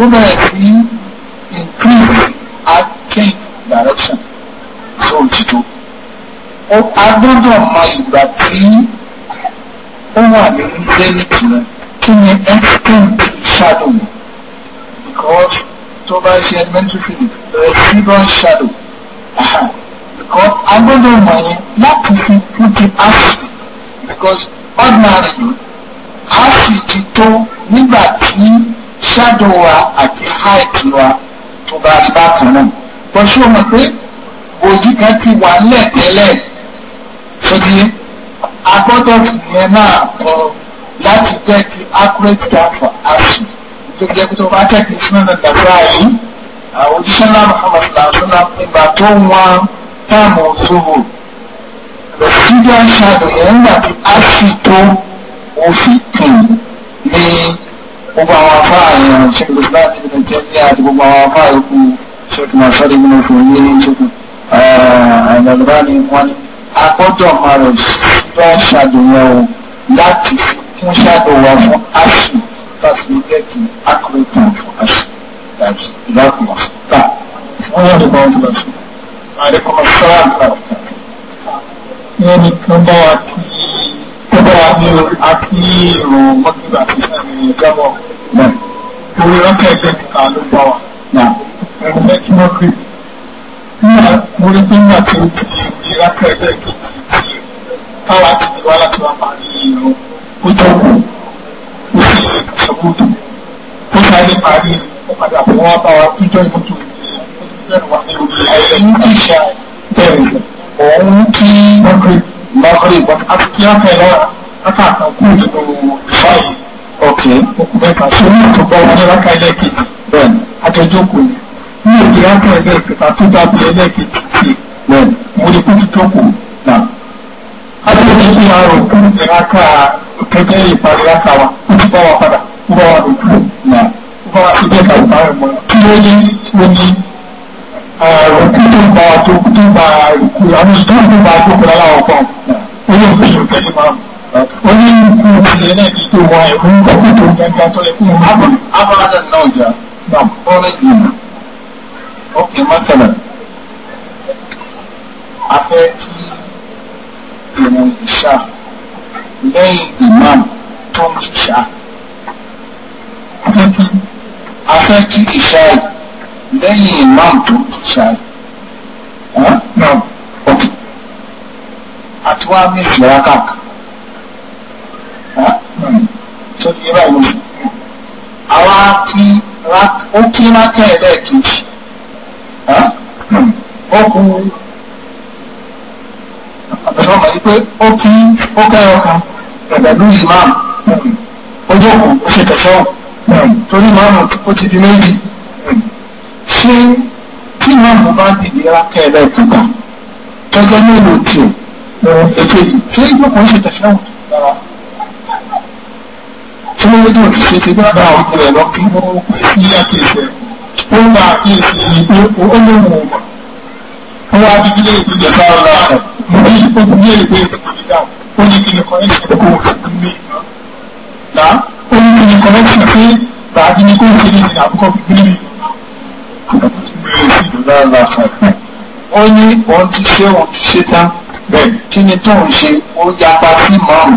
tó bẹ̀rẹ̀ sí increase acting direction fún òtítọ́ a gbọ́dọ̀ mọ ìgbà tí ó wà ní zenith rẹ̀ kí ni extent shadow because tó bá ṣe elementary physics bẹ̀rẹ̀ sí shadow because a gbọ́dọ̀ mọ yẹn láti fi put it out because ordinary acid ti tó nígbà tí ṣáàdùn wa àti háìtì wa tó bá bákan náà bọ́ ṣé o mọ̀ pé òjì kan ti wà lẹ́tẹ̀lẹ̀ fìdí agbọ́dọ̀ fìyẹn náà kọ láti jẹ́ kí accurate time for action tó jẹ́ pé tó bá tẹ̀kí fún ẹ̀rọ ìdàgbà yìí àwọn òjíṣẹ́ náà Muhammad làásùnà nígbà tó wọn táàmù òṣòwò lọ́sídìí àṣà rẹ̀ nígbà tí a sì tó òfin kì ní gbogbo àwọn afáà yẹn ṣe gbogbo láti ibi tẹ́ ní àti gbogbo àwọn afáà yòókù ṣèkì eh, máa sọ́dọ̀ ìgbìmọ̀ ìfòyí ní ṣèkù àgbàlùbá ni wọ́n ní agbọ́dọ̀ máa rẹ̀ tó ń ṣàdùnyẹ̀wò láti fún ṣàdùwà fún aṣù láti lè gẹ́gì akọ̀rẹ́tàn fún aṣù láti ìlàkùnmọ̀ fúnta wọ́n yẹ̀ nípa ọdún lọ sí àdékọ́mọ̀ sọ́wọ́ àgbà ìyẹn nìkan bá wa kí ní àti ìrùn mọ́tìgbà àti ìrìn ìjábọ̀ orí rọ́kẹ̀ ẹgbẹ́ kíkà ló bá wà ẹ̀rù mẹ́kí wọ́n di rọ́kẹ̀ ẹgbẹ́ kíkà ti táwa ti di wá láti wá parí ìrùn ó jókòó ó sì ṣàkóso ó sáré parí ọ̀padà fún wa bá wa kíjọ́ ìmọ̀tò ìbẹ̀rù wa láká kan kú nínú ìfáyì ọ̀kẹ́ òkùnbẹ́ta ṣe ní ìtọ́gbọ́ wọn ní láká ẹlẹ́kejì bẹ́ẹ̀ni àjọjókòó ni ní èdè láká ẹlẹ́kẹta tó dábì ẹlẹ́kejì sí bẹ́ẹ̀ni mo lè kú títọ́kù náà. adébíyí fi hàn rò kú ní láká kẹjẹ ìparí láká wa ó ti bá wa padà ó bá wa rò kú náà ó bá wa ti bẹ́ẹ̀ kà ìbá rẹ̀ mọ́ kí ló ní ó ní ròkú tó gba tó gba ròkú àwọn ìdánwò tó gba tó gba láwọn kan ó ó ní ikú ìṣẹ̀lẹ̀ náà ti tó wọn ẹ̀rú kọ́kọ́ tó gẹ́gẹ́ tó lè kú wọn. abúlé náà jà náà kọ́rẹ́ jù náà ọkẹ́ mọ́tàlá afẹ́ kí ìwọ̀n ìṣá lẹ́yìn imam tó ń ṣá afẹ́ kí ìṣá lẹ́yìn imam tó ń ṣá náà ọkẹ́ àti wàá mẹ́sì rákàkà. níbà yìí àwa fi ó kí rákà ẹlẹ́ẹ̀kejì ó kú àbẹ̀rẹ̀ ọmọ yìí pé ó kí ó kẹ́rọ kan ẹ̀dàlú ìmáàmù ó jókòó ó ṣe tẹ̀sọ́ torí ìmáàmù ó ti di méjì ṣé tí ìmáàmù bá dìde rákà ẹlẹ́ẹ̀kẹta tọ́jọ́ mélòó tiẹ̀ èkejì ṣé ìjókòó ṣe tẹ̀sọ́ rárá olóòdò ṣe ti bàbá ọkọ ẹ̀ lọ kí wọ́n pè sí àkíyèsí ó gba àkíyèsí pé ó lóun ọmọ ó wá bí ilé ìlú ìjọba ọ̀la rẹ̀ mo ní ìgbógun ní èdè ìgbàlódà ó ní kí ni kọ́lẹ́sì kó òkú mi nà ó ní kí ni kọ́lẹ́sì pé bàbí ni kó ń ṣe ní àbúkọ́ gbígbé mi ó ní òun ti ṣe òun ti ṣe tán bẹ́ẹ̀ kí ni tóun ṣe ó yapa sí mọ́ọ̀mù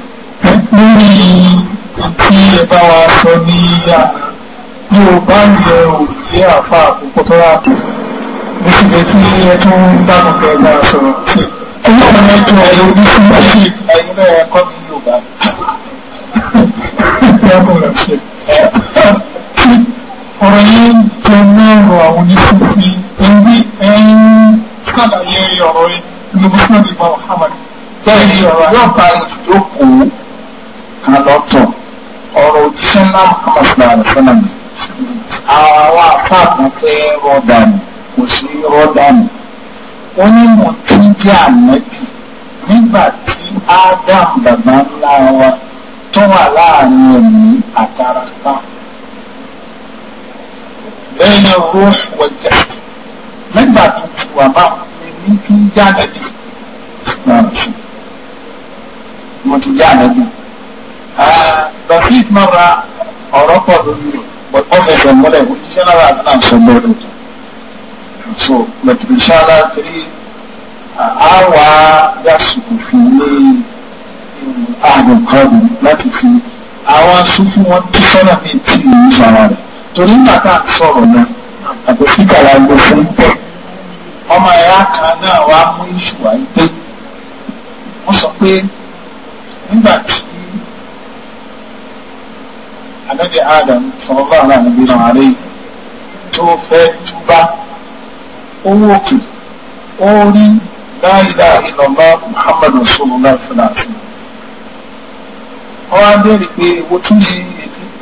bá wa sọ ní àná bí o bá yẹ òye àfa àkókò tó wà tó mo sì ẹ tún bá mi bẹ̀rẹ̀ sọ̀rọ̀. ọlọ́run ẹjọ́ ẹ̀ ojú fún mi sí i. torí bàtà sọ̀rọ̀ náà àbòsí kàlàgbò fún bẹ́ẹ̀ ọmọ ẹ̀yà kan náà wá mú ìṣù wá gbé wọ́n sọ pé nígbà tí ànábì Adam sọ̀rọ̀ bá àwọn ànábì náà rẹ̀ tó fẹ́ túbá owó òkè ó rí láìlá ìlọ́lá Muhammadu sọ̀rọ̀ láìfẹ́ láti wọ́n á bẹ̀rẹ̀ pé ewu tún ní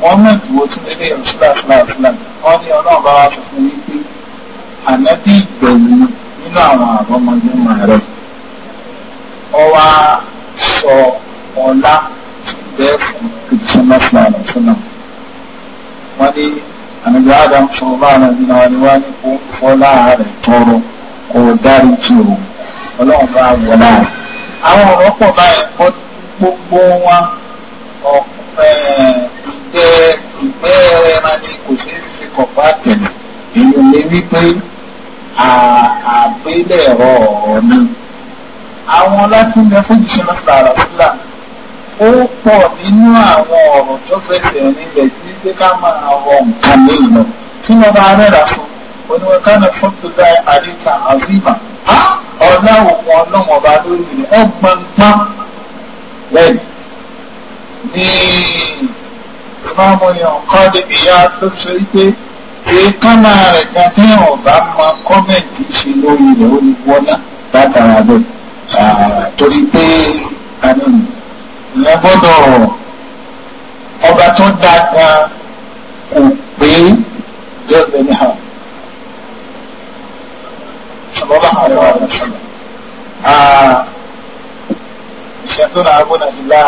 Muhammad wo tún lé lẹ́yìn ṣúlàṣúlàṣúlà wọ́n ní ọlọ́run bá wá sọ fún yín pé ànábì ìgbẹ̀yìn nínú àwọn àrọ́mọdémọ rẹ̀ ọ wá sọ ọlá bẹ́ẹ̀ fún ìdíṣẹ́mọ́ṣúlàṣúlà wọ́n ní ànábì Adam sọ báwọn ẹbí náà ni wá ní kó fọ́lá rẹ̀ tọrọ kó dárí jì òun ọlọ́run bá wọlá gbogbo wọn. ilé ẹ̀rọ ọ̀rọ̀ náà àwọn láti ń bẹ fún ìṣẹ́nà sàràsílà ó pọ̀ nínú àwọn ọ̀rọ̀ tó fẹsẹ̀ nílẹ̀ tí pé ká máa rọ nǹkan lẹ́yìn lọ kí ló bá rẹ́ra fún oníwẹ̀kánà fún gbígbá àríkà àríbà ọ̀nà òun ọlọ́wọ̀n ọba lórí rẹ̀ ọgbọ̀n gbọ́n lẹ́yìn ní ìmáàmù yàn kọ́ débi yá tó ṣe wípé èékánná rẹ̀ kan tí wọn bá mọ kọ́mẹ̀ntì ṣe lórí rẹ̀ ó ní wọlá látara bẹ́ẹ̀ torí pé ìyẹn gbọ́dọ̀ ọba tó dá gan kò pé lẹ́gbẹ̀ẹ́ ní hàn ṣùgbọ́n bá àwọn ọ̀rọ̀ ṣọlá ìṣẹ́jú náà agbóná ti lá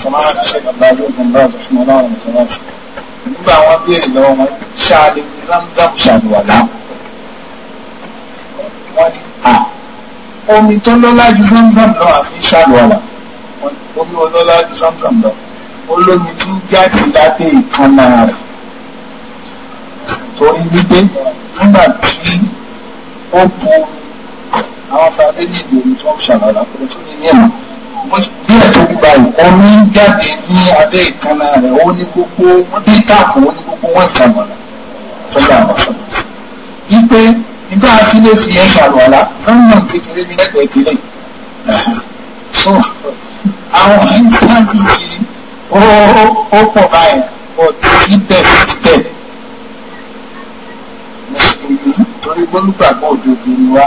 ṣọmọ́ àti ṣẹ́gbọ̀n bá lóògùn bá ọ̀dọ̀ ọlọ́run tó wọ́n ṣe nígbà wọn bí èlò wọn ṣáàlì rámdámù ṣàlùwàlá wọ́n ní à omi tó lọ́lá ju rámdámù lọ àfi ṣàlùwàlá omi ọlọ́lá ju rámdámù lọ olómi tó jáde lábẹ́ ìkànnà rẹ̀ torí wípé nígbà tí ó bu àwọn fàmílì ìdòwú tó ń ṣàlọ́lá pẹ̀lú tó ní ní ẹ̀mọ́ bí ẹ̀ tó gba ìkọ́ni jáde ní abẹ́ ìkànnà rẹ̀ ó ní gbogbo wọ́n dé tààkù ó ní gbogbo wọ́n ìkànnà rẹ̀ sọ́lá wípé nígbà tí lè fi ẹ̀ṣà àlùwàlá lọ́nà kékeré ní lẹ́gbẹ̀ẹ́ ìpínlẹ̀ so àwọn ìsáàjì ti ó pọ̀ báyìí pọ̀ síbẹ̀ síbẹ̀ mùsùlùmí torí gbólúgbàgbọ́ òdòdó ni wá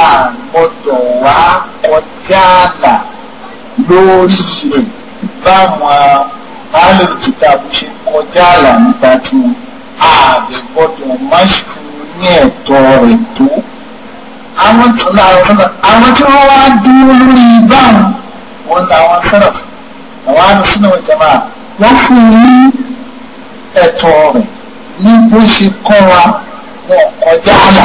a gbọ́dọ̀ wá kọjá àlà lórí rẹ̀ báwọn báàlù kìtàbù ṣe kọjá àlà nípa tiwọn ààbẹ̀ gbọ́dọ̀ má ṣù ní ẹ̀tọ́ rẹ̀ tó àwọn tí wọ́n wá dúró lórí báwọn wọn làwọn sẹ́rọ̀ àwọn àdùsínà ìjọba wọ́n fún ní ẹ̀tọ́ rẹ̀ ní bó ṣe kọ́ wa wọn kọjá àlà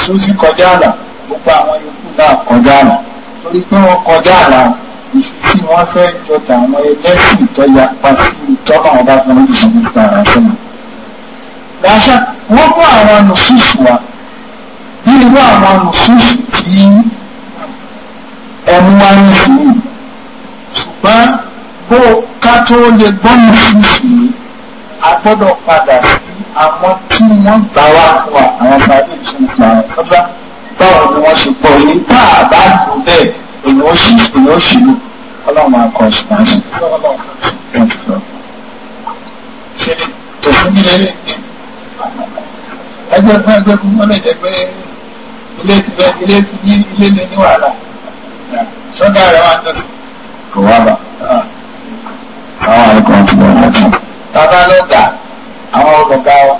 sófin kọjá àlà gbogbo àwọn yòókù náà kọjá àlà torí pé wọ́n kọjá àlà tí wọ́n fẹ́ jọ tàwọn ẹlẹ́sìn tó ya pàṣẹ ìtọ́nà ọba fún ọdún ìṣẹ́gun fún ara sọ́nà. Láṣà wọ́n mú àwọn nùsùsù wa bí irú àwọn nùsùsù tí ẹnu wa ń fi ṣùgbọ́n bó ká tó lè gbọ́ nùsùsù yìí a gbọ́dọ̀ padà sí àwọn tí wọ́n gbà wá wà àwọn sáré ìṣẹ́gun fún ara sọ́nà báwo ni wọ́n ṣe pọ̀ yìí tá a bá lò bẹ́ẹ̀ èèyàn sì èèyàn sì lò ọlọ́run máa kọ ṣùgbọ́n sí tòfin nílẹ̀ ẹgbẹ́ fún ẹgbẹ́ fún mọ́lẹ̀ ẹgbẹ́ ilé ilé ní ilé ní ní wàhálà sọ́dọ̀ rẹ̀ wà tó kò wá bà àwọn àìkọ́ tó wà lọ́tọ̀ bàbá lọ́gà àwọn ọlọ́gá wa.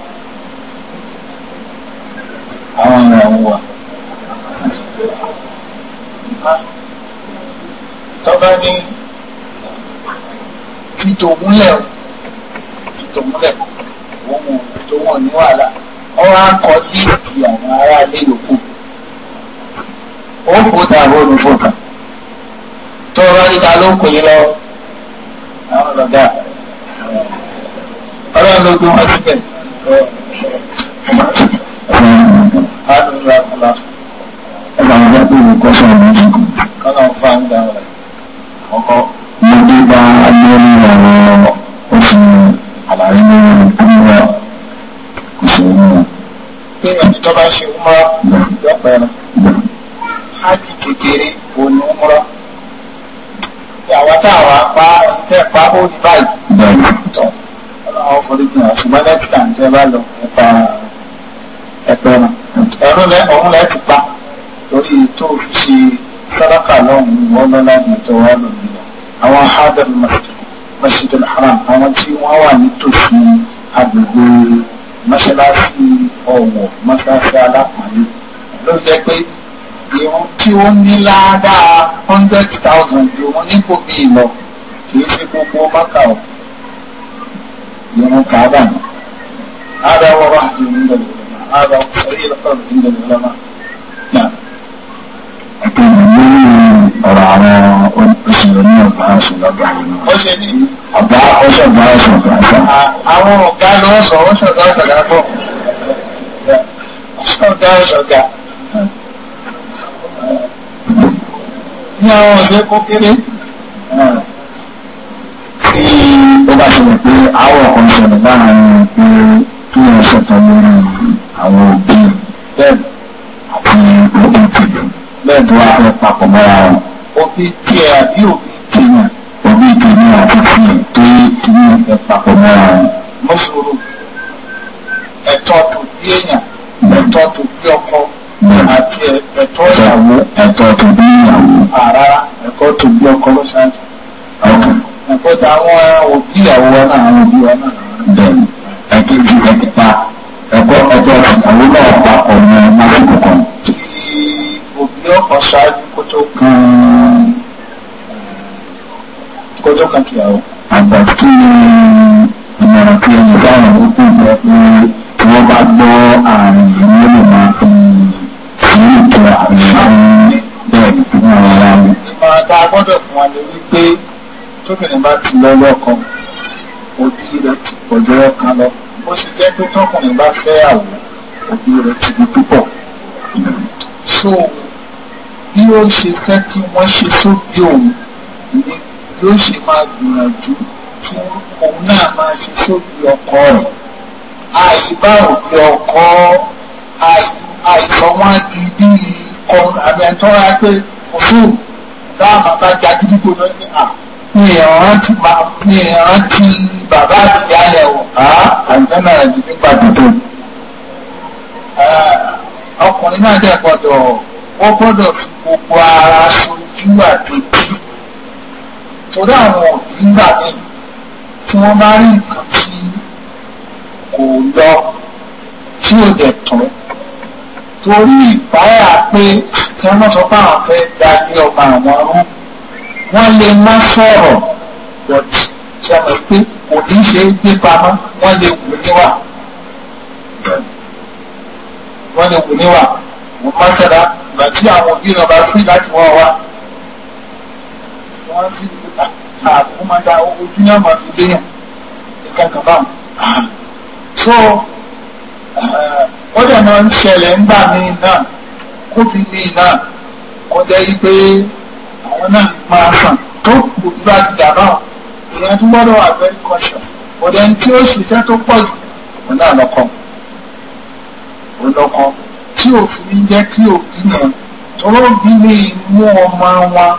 nípò bíi lọ kì í ṣe gbogbo mákà ọ̀ ìrún kàábà ní. هذا هو رهد من العلماء هذا هو صحيح القول عند العلماء نعم ọ̀rọ̀ àwọn oṣèlú ní ọ̀gá oṣèlú ọ̀gá yìí náà. oṣèlú ní. ọ̀gá oṣù ọ̀gá oṣù ọ̀gá sọ. àwọn ọ̀gá ló ń sọ oṣù ọ̀gá oṣù ọ̀gá bọ̀. oṣù ọ̀gá oṣù ọ̀gá. ní àwọn ọ̀dọ́ kó kéré. sòrò ẹ̀tọ́ tó bí èèyàn ẹ̀tọ́ tó bí ọkọ àti ẹ̀tọ́ ìyàwó ẹ̀tọ́ tó bí ìyàwó àrá ẹ̀kọ́ tó bí ọkọ ló ṣáájú ẹ̀kọ́ táwọn òbí ìyàwó wa náà àwọn òbí wa náà ó ṣe fẹ́ kí wọ́n ṣe sójú òun ni yóò ṣe máa gbìyànjú kí òun náà máa ṣe sójú ọkọ rẹ̀ àìbá òbí ọkọ àìsọ̀wọ́nì bí ọrùn àmì ẹ̀tọ́ rẹ̀ pé òṣùwò dáàmà bá ja gídígbò náà ní à ní ìrántí ní ìrántí bàbá àti ìyá ọ̀ bá àìsàn náà jù nígbà dúdú ọkùnrin náà dẹ̀ gbọ́dọ̀ wọ́n gbọ́dọ̀ fi gbogbo ara sojú àdójú torí àwọn òbí gbà mí tí wọ́n bá rí nǹkan tí kò lọ tí ò dẹ̀ tán torí ìpáyà pé kí wọ́n sọ pé àwọn fẹ́ da ní ọba àwọn ọ̀run wọ́n lè má sọ̀rọ̀ bọ̀tì ṣe mọ̀ pé kò ní ṣe é gbé pamọ́ wọ́n lè wù níwà wọ́n lè wù níwà wọ́n má sọ̀rọ̀ tí àwọn òbí rẹ̀ bá fi láti wọ́n wá wọ́n fi àbúkú ah, ah, máa da ojú náà máa fi déyàn nǹkan kan báwọn. Ah. so eh, ó dẹ̀ máa ń ṣẹlẹ̀ ńgbà mi náà kófin mi náà kọjá yí pé àwọn náà máa sàn tó kù bá dàbà èèyàn tó gbọ́dọ̀ wà very conscious ọ̀dẹ̀ tí ó ṣiṣẹ́ tó pọ̀ jù òun náà lọ́kọ̀ òun lọ́kọ̀ tí òfin jẹ́ kí òbí náà olóògbé lè mú ọmọ wọn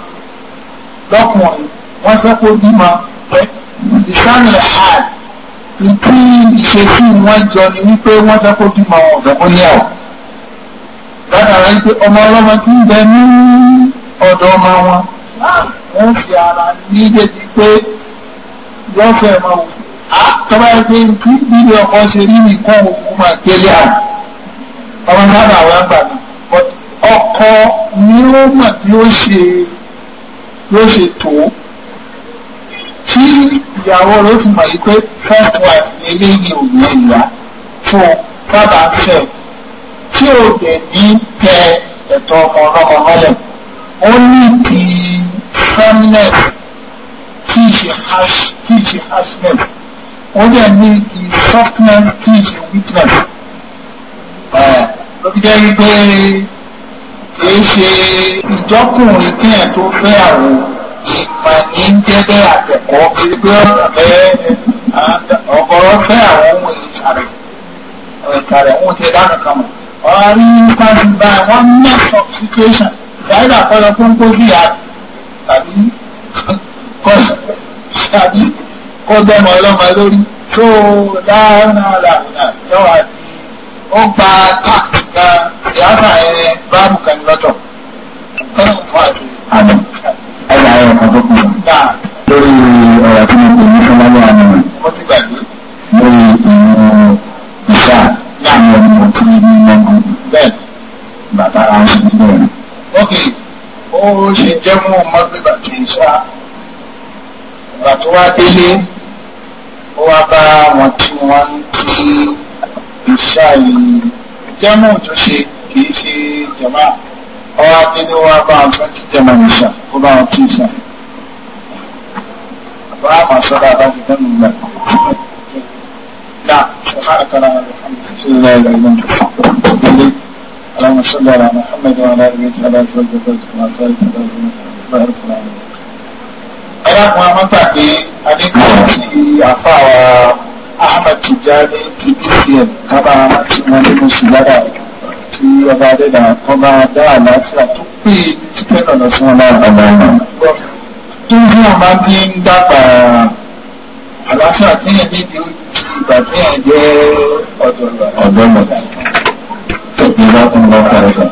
lọ́kùnrin wọ́n fẹ́ kó bímọ pẹ́ ìsánì àì ìtí ìṣesí wọn jọ ni wípé wọ́n fẹ́ kó bímọ ọ̀dọ́ kó ní ọ̀ látara wípé ọmọ ọlọ́mọ tí ń bẹ ní ọ̀dọ̀ ọmọ wọn wọ́n fi ara ní débi pé wọ́n fẹ́ máa wò á tọ́ba ẹgbẹ́ ìtú ìbílẹ̀ ọkọ̀ ṣe rí nìkan òkú máa tẹ́lẹ̀ àná ọmọ sábà wà gbà mí ọkọ ni ó mọ̀ bí ó ṣe ló ṣe tó tí ìyàwó rẹ̀ fi mọ̀ yìí pé first wife eléyìí ò ní ìyá fún bàbá fẹ́ tí ò dẹ̀ ní tẹ ẹ̀tọ́ ọmọ ọlọ́mọ mọ́lẹ̀ ó ní ti firmness kì í ṣe harsh kì í ṣe harshness ó dẹ̀ ní ti softness kì í ṣe weakness. Uh, jẹ́ wípé kìí ṣe ìjọkùnrin kíyàn tó fẹ́ àwò mà ní jẹ́gẹ́ àtẹ̀kọ́ kiri pé ọ̀sán fẹ́ ọ̀gọ́rọ́ fẹ́ àwọn ohun ìtàrẹ̀ ìtàrẹ̀ ohun ti dánù kan mọ̀ ọ̀rọ̀ rí pàṣẹ bá wọn mess up situation ìdáyìí àkọ́yọ kóńkó bí i tàbí kọ́sọ̀ tàbí kó dọ́mọ ọlọ́mọ lórí tó dáhùn náà làwọn náà yọ àti ó gba tax siyasa yẹn báàbù kan lọ́tọ̀ ọ̀rọ̀ fún àti. àmì ọ̀la ayọ̀ kan tó kù lórí ọ̀rọ̀ tí mo pè ní sọlọ́wọ́ àná rẹ̀. mo ti gbàgbé. lórí ìmọ̀ ìṣá láàrin ọmọ tó ní ní mọ́ngò. bẹ́ẹ̀ bàbá wa ṣe ní bẹ́ẹ̀. ok ó ṣe jẹ́ mú mọ́gbẹ́gbà kì í ṣá ìgbà tó wá délé ó wá bá wọn tí wọ́n ń kí ìṣá yìí jẹ́mú tó ṣe kì í ṣe jàmá ọwọ́ adínú wa bá a fẹ́ kí jàmá nìṣà kó bá wọn kí ìṣà àbá àmà sọ́dọ̀ àbá ti dánù ìgbà náà ṣọ̀fà àkàrà àbẹ̀ alhamdulillah ilẹ̀ ilẹ̀ ilẹ̀ اللهم صل على محمد وعلى اله وصحبه وسلم كما صليت على ابراهيم وعلى ال ابراهيم ẹlẹ́kùn amọ́tàdé adékòwòsí àfáà ahmed tijani pdcm kábàámà tí wọ́n nínú sí lára rẹ̀ kí ọba adẹ́dà kọ́ bá dá àlàáfíà tó pé títẹ́ lọ́nà fún ọba àgbàgbà náà. tó ń fún ọba bí ń dàgbà àlàáfíà tí yẹn ní ju ìgbà tí yẹn jẹ́ ọ̀dọ́mọdà. ọ̀dọ́mọdà. tó ti bá kún bá kárẹ́kọ̀ọ́.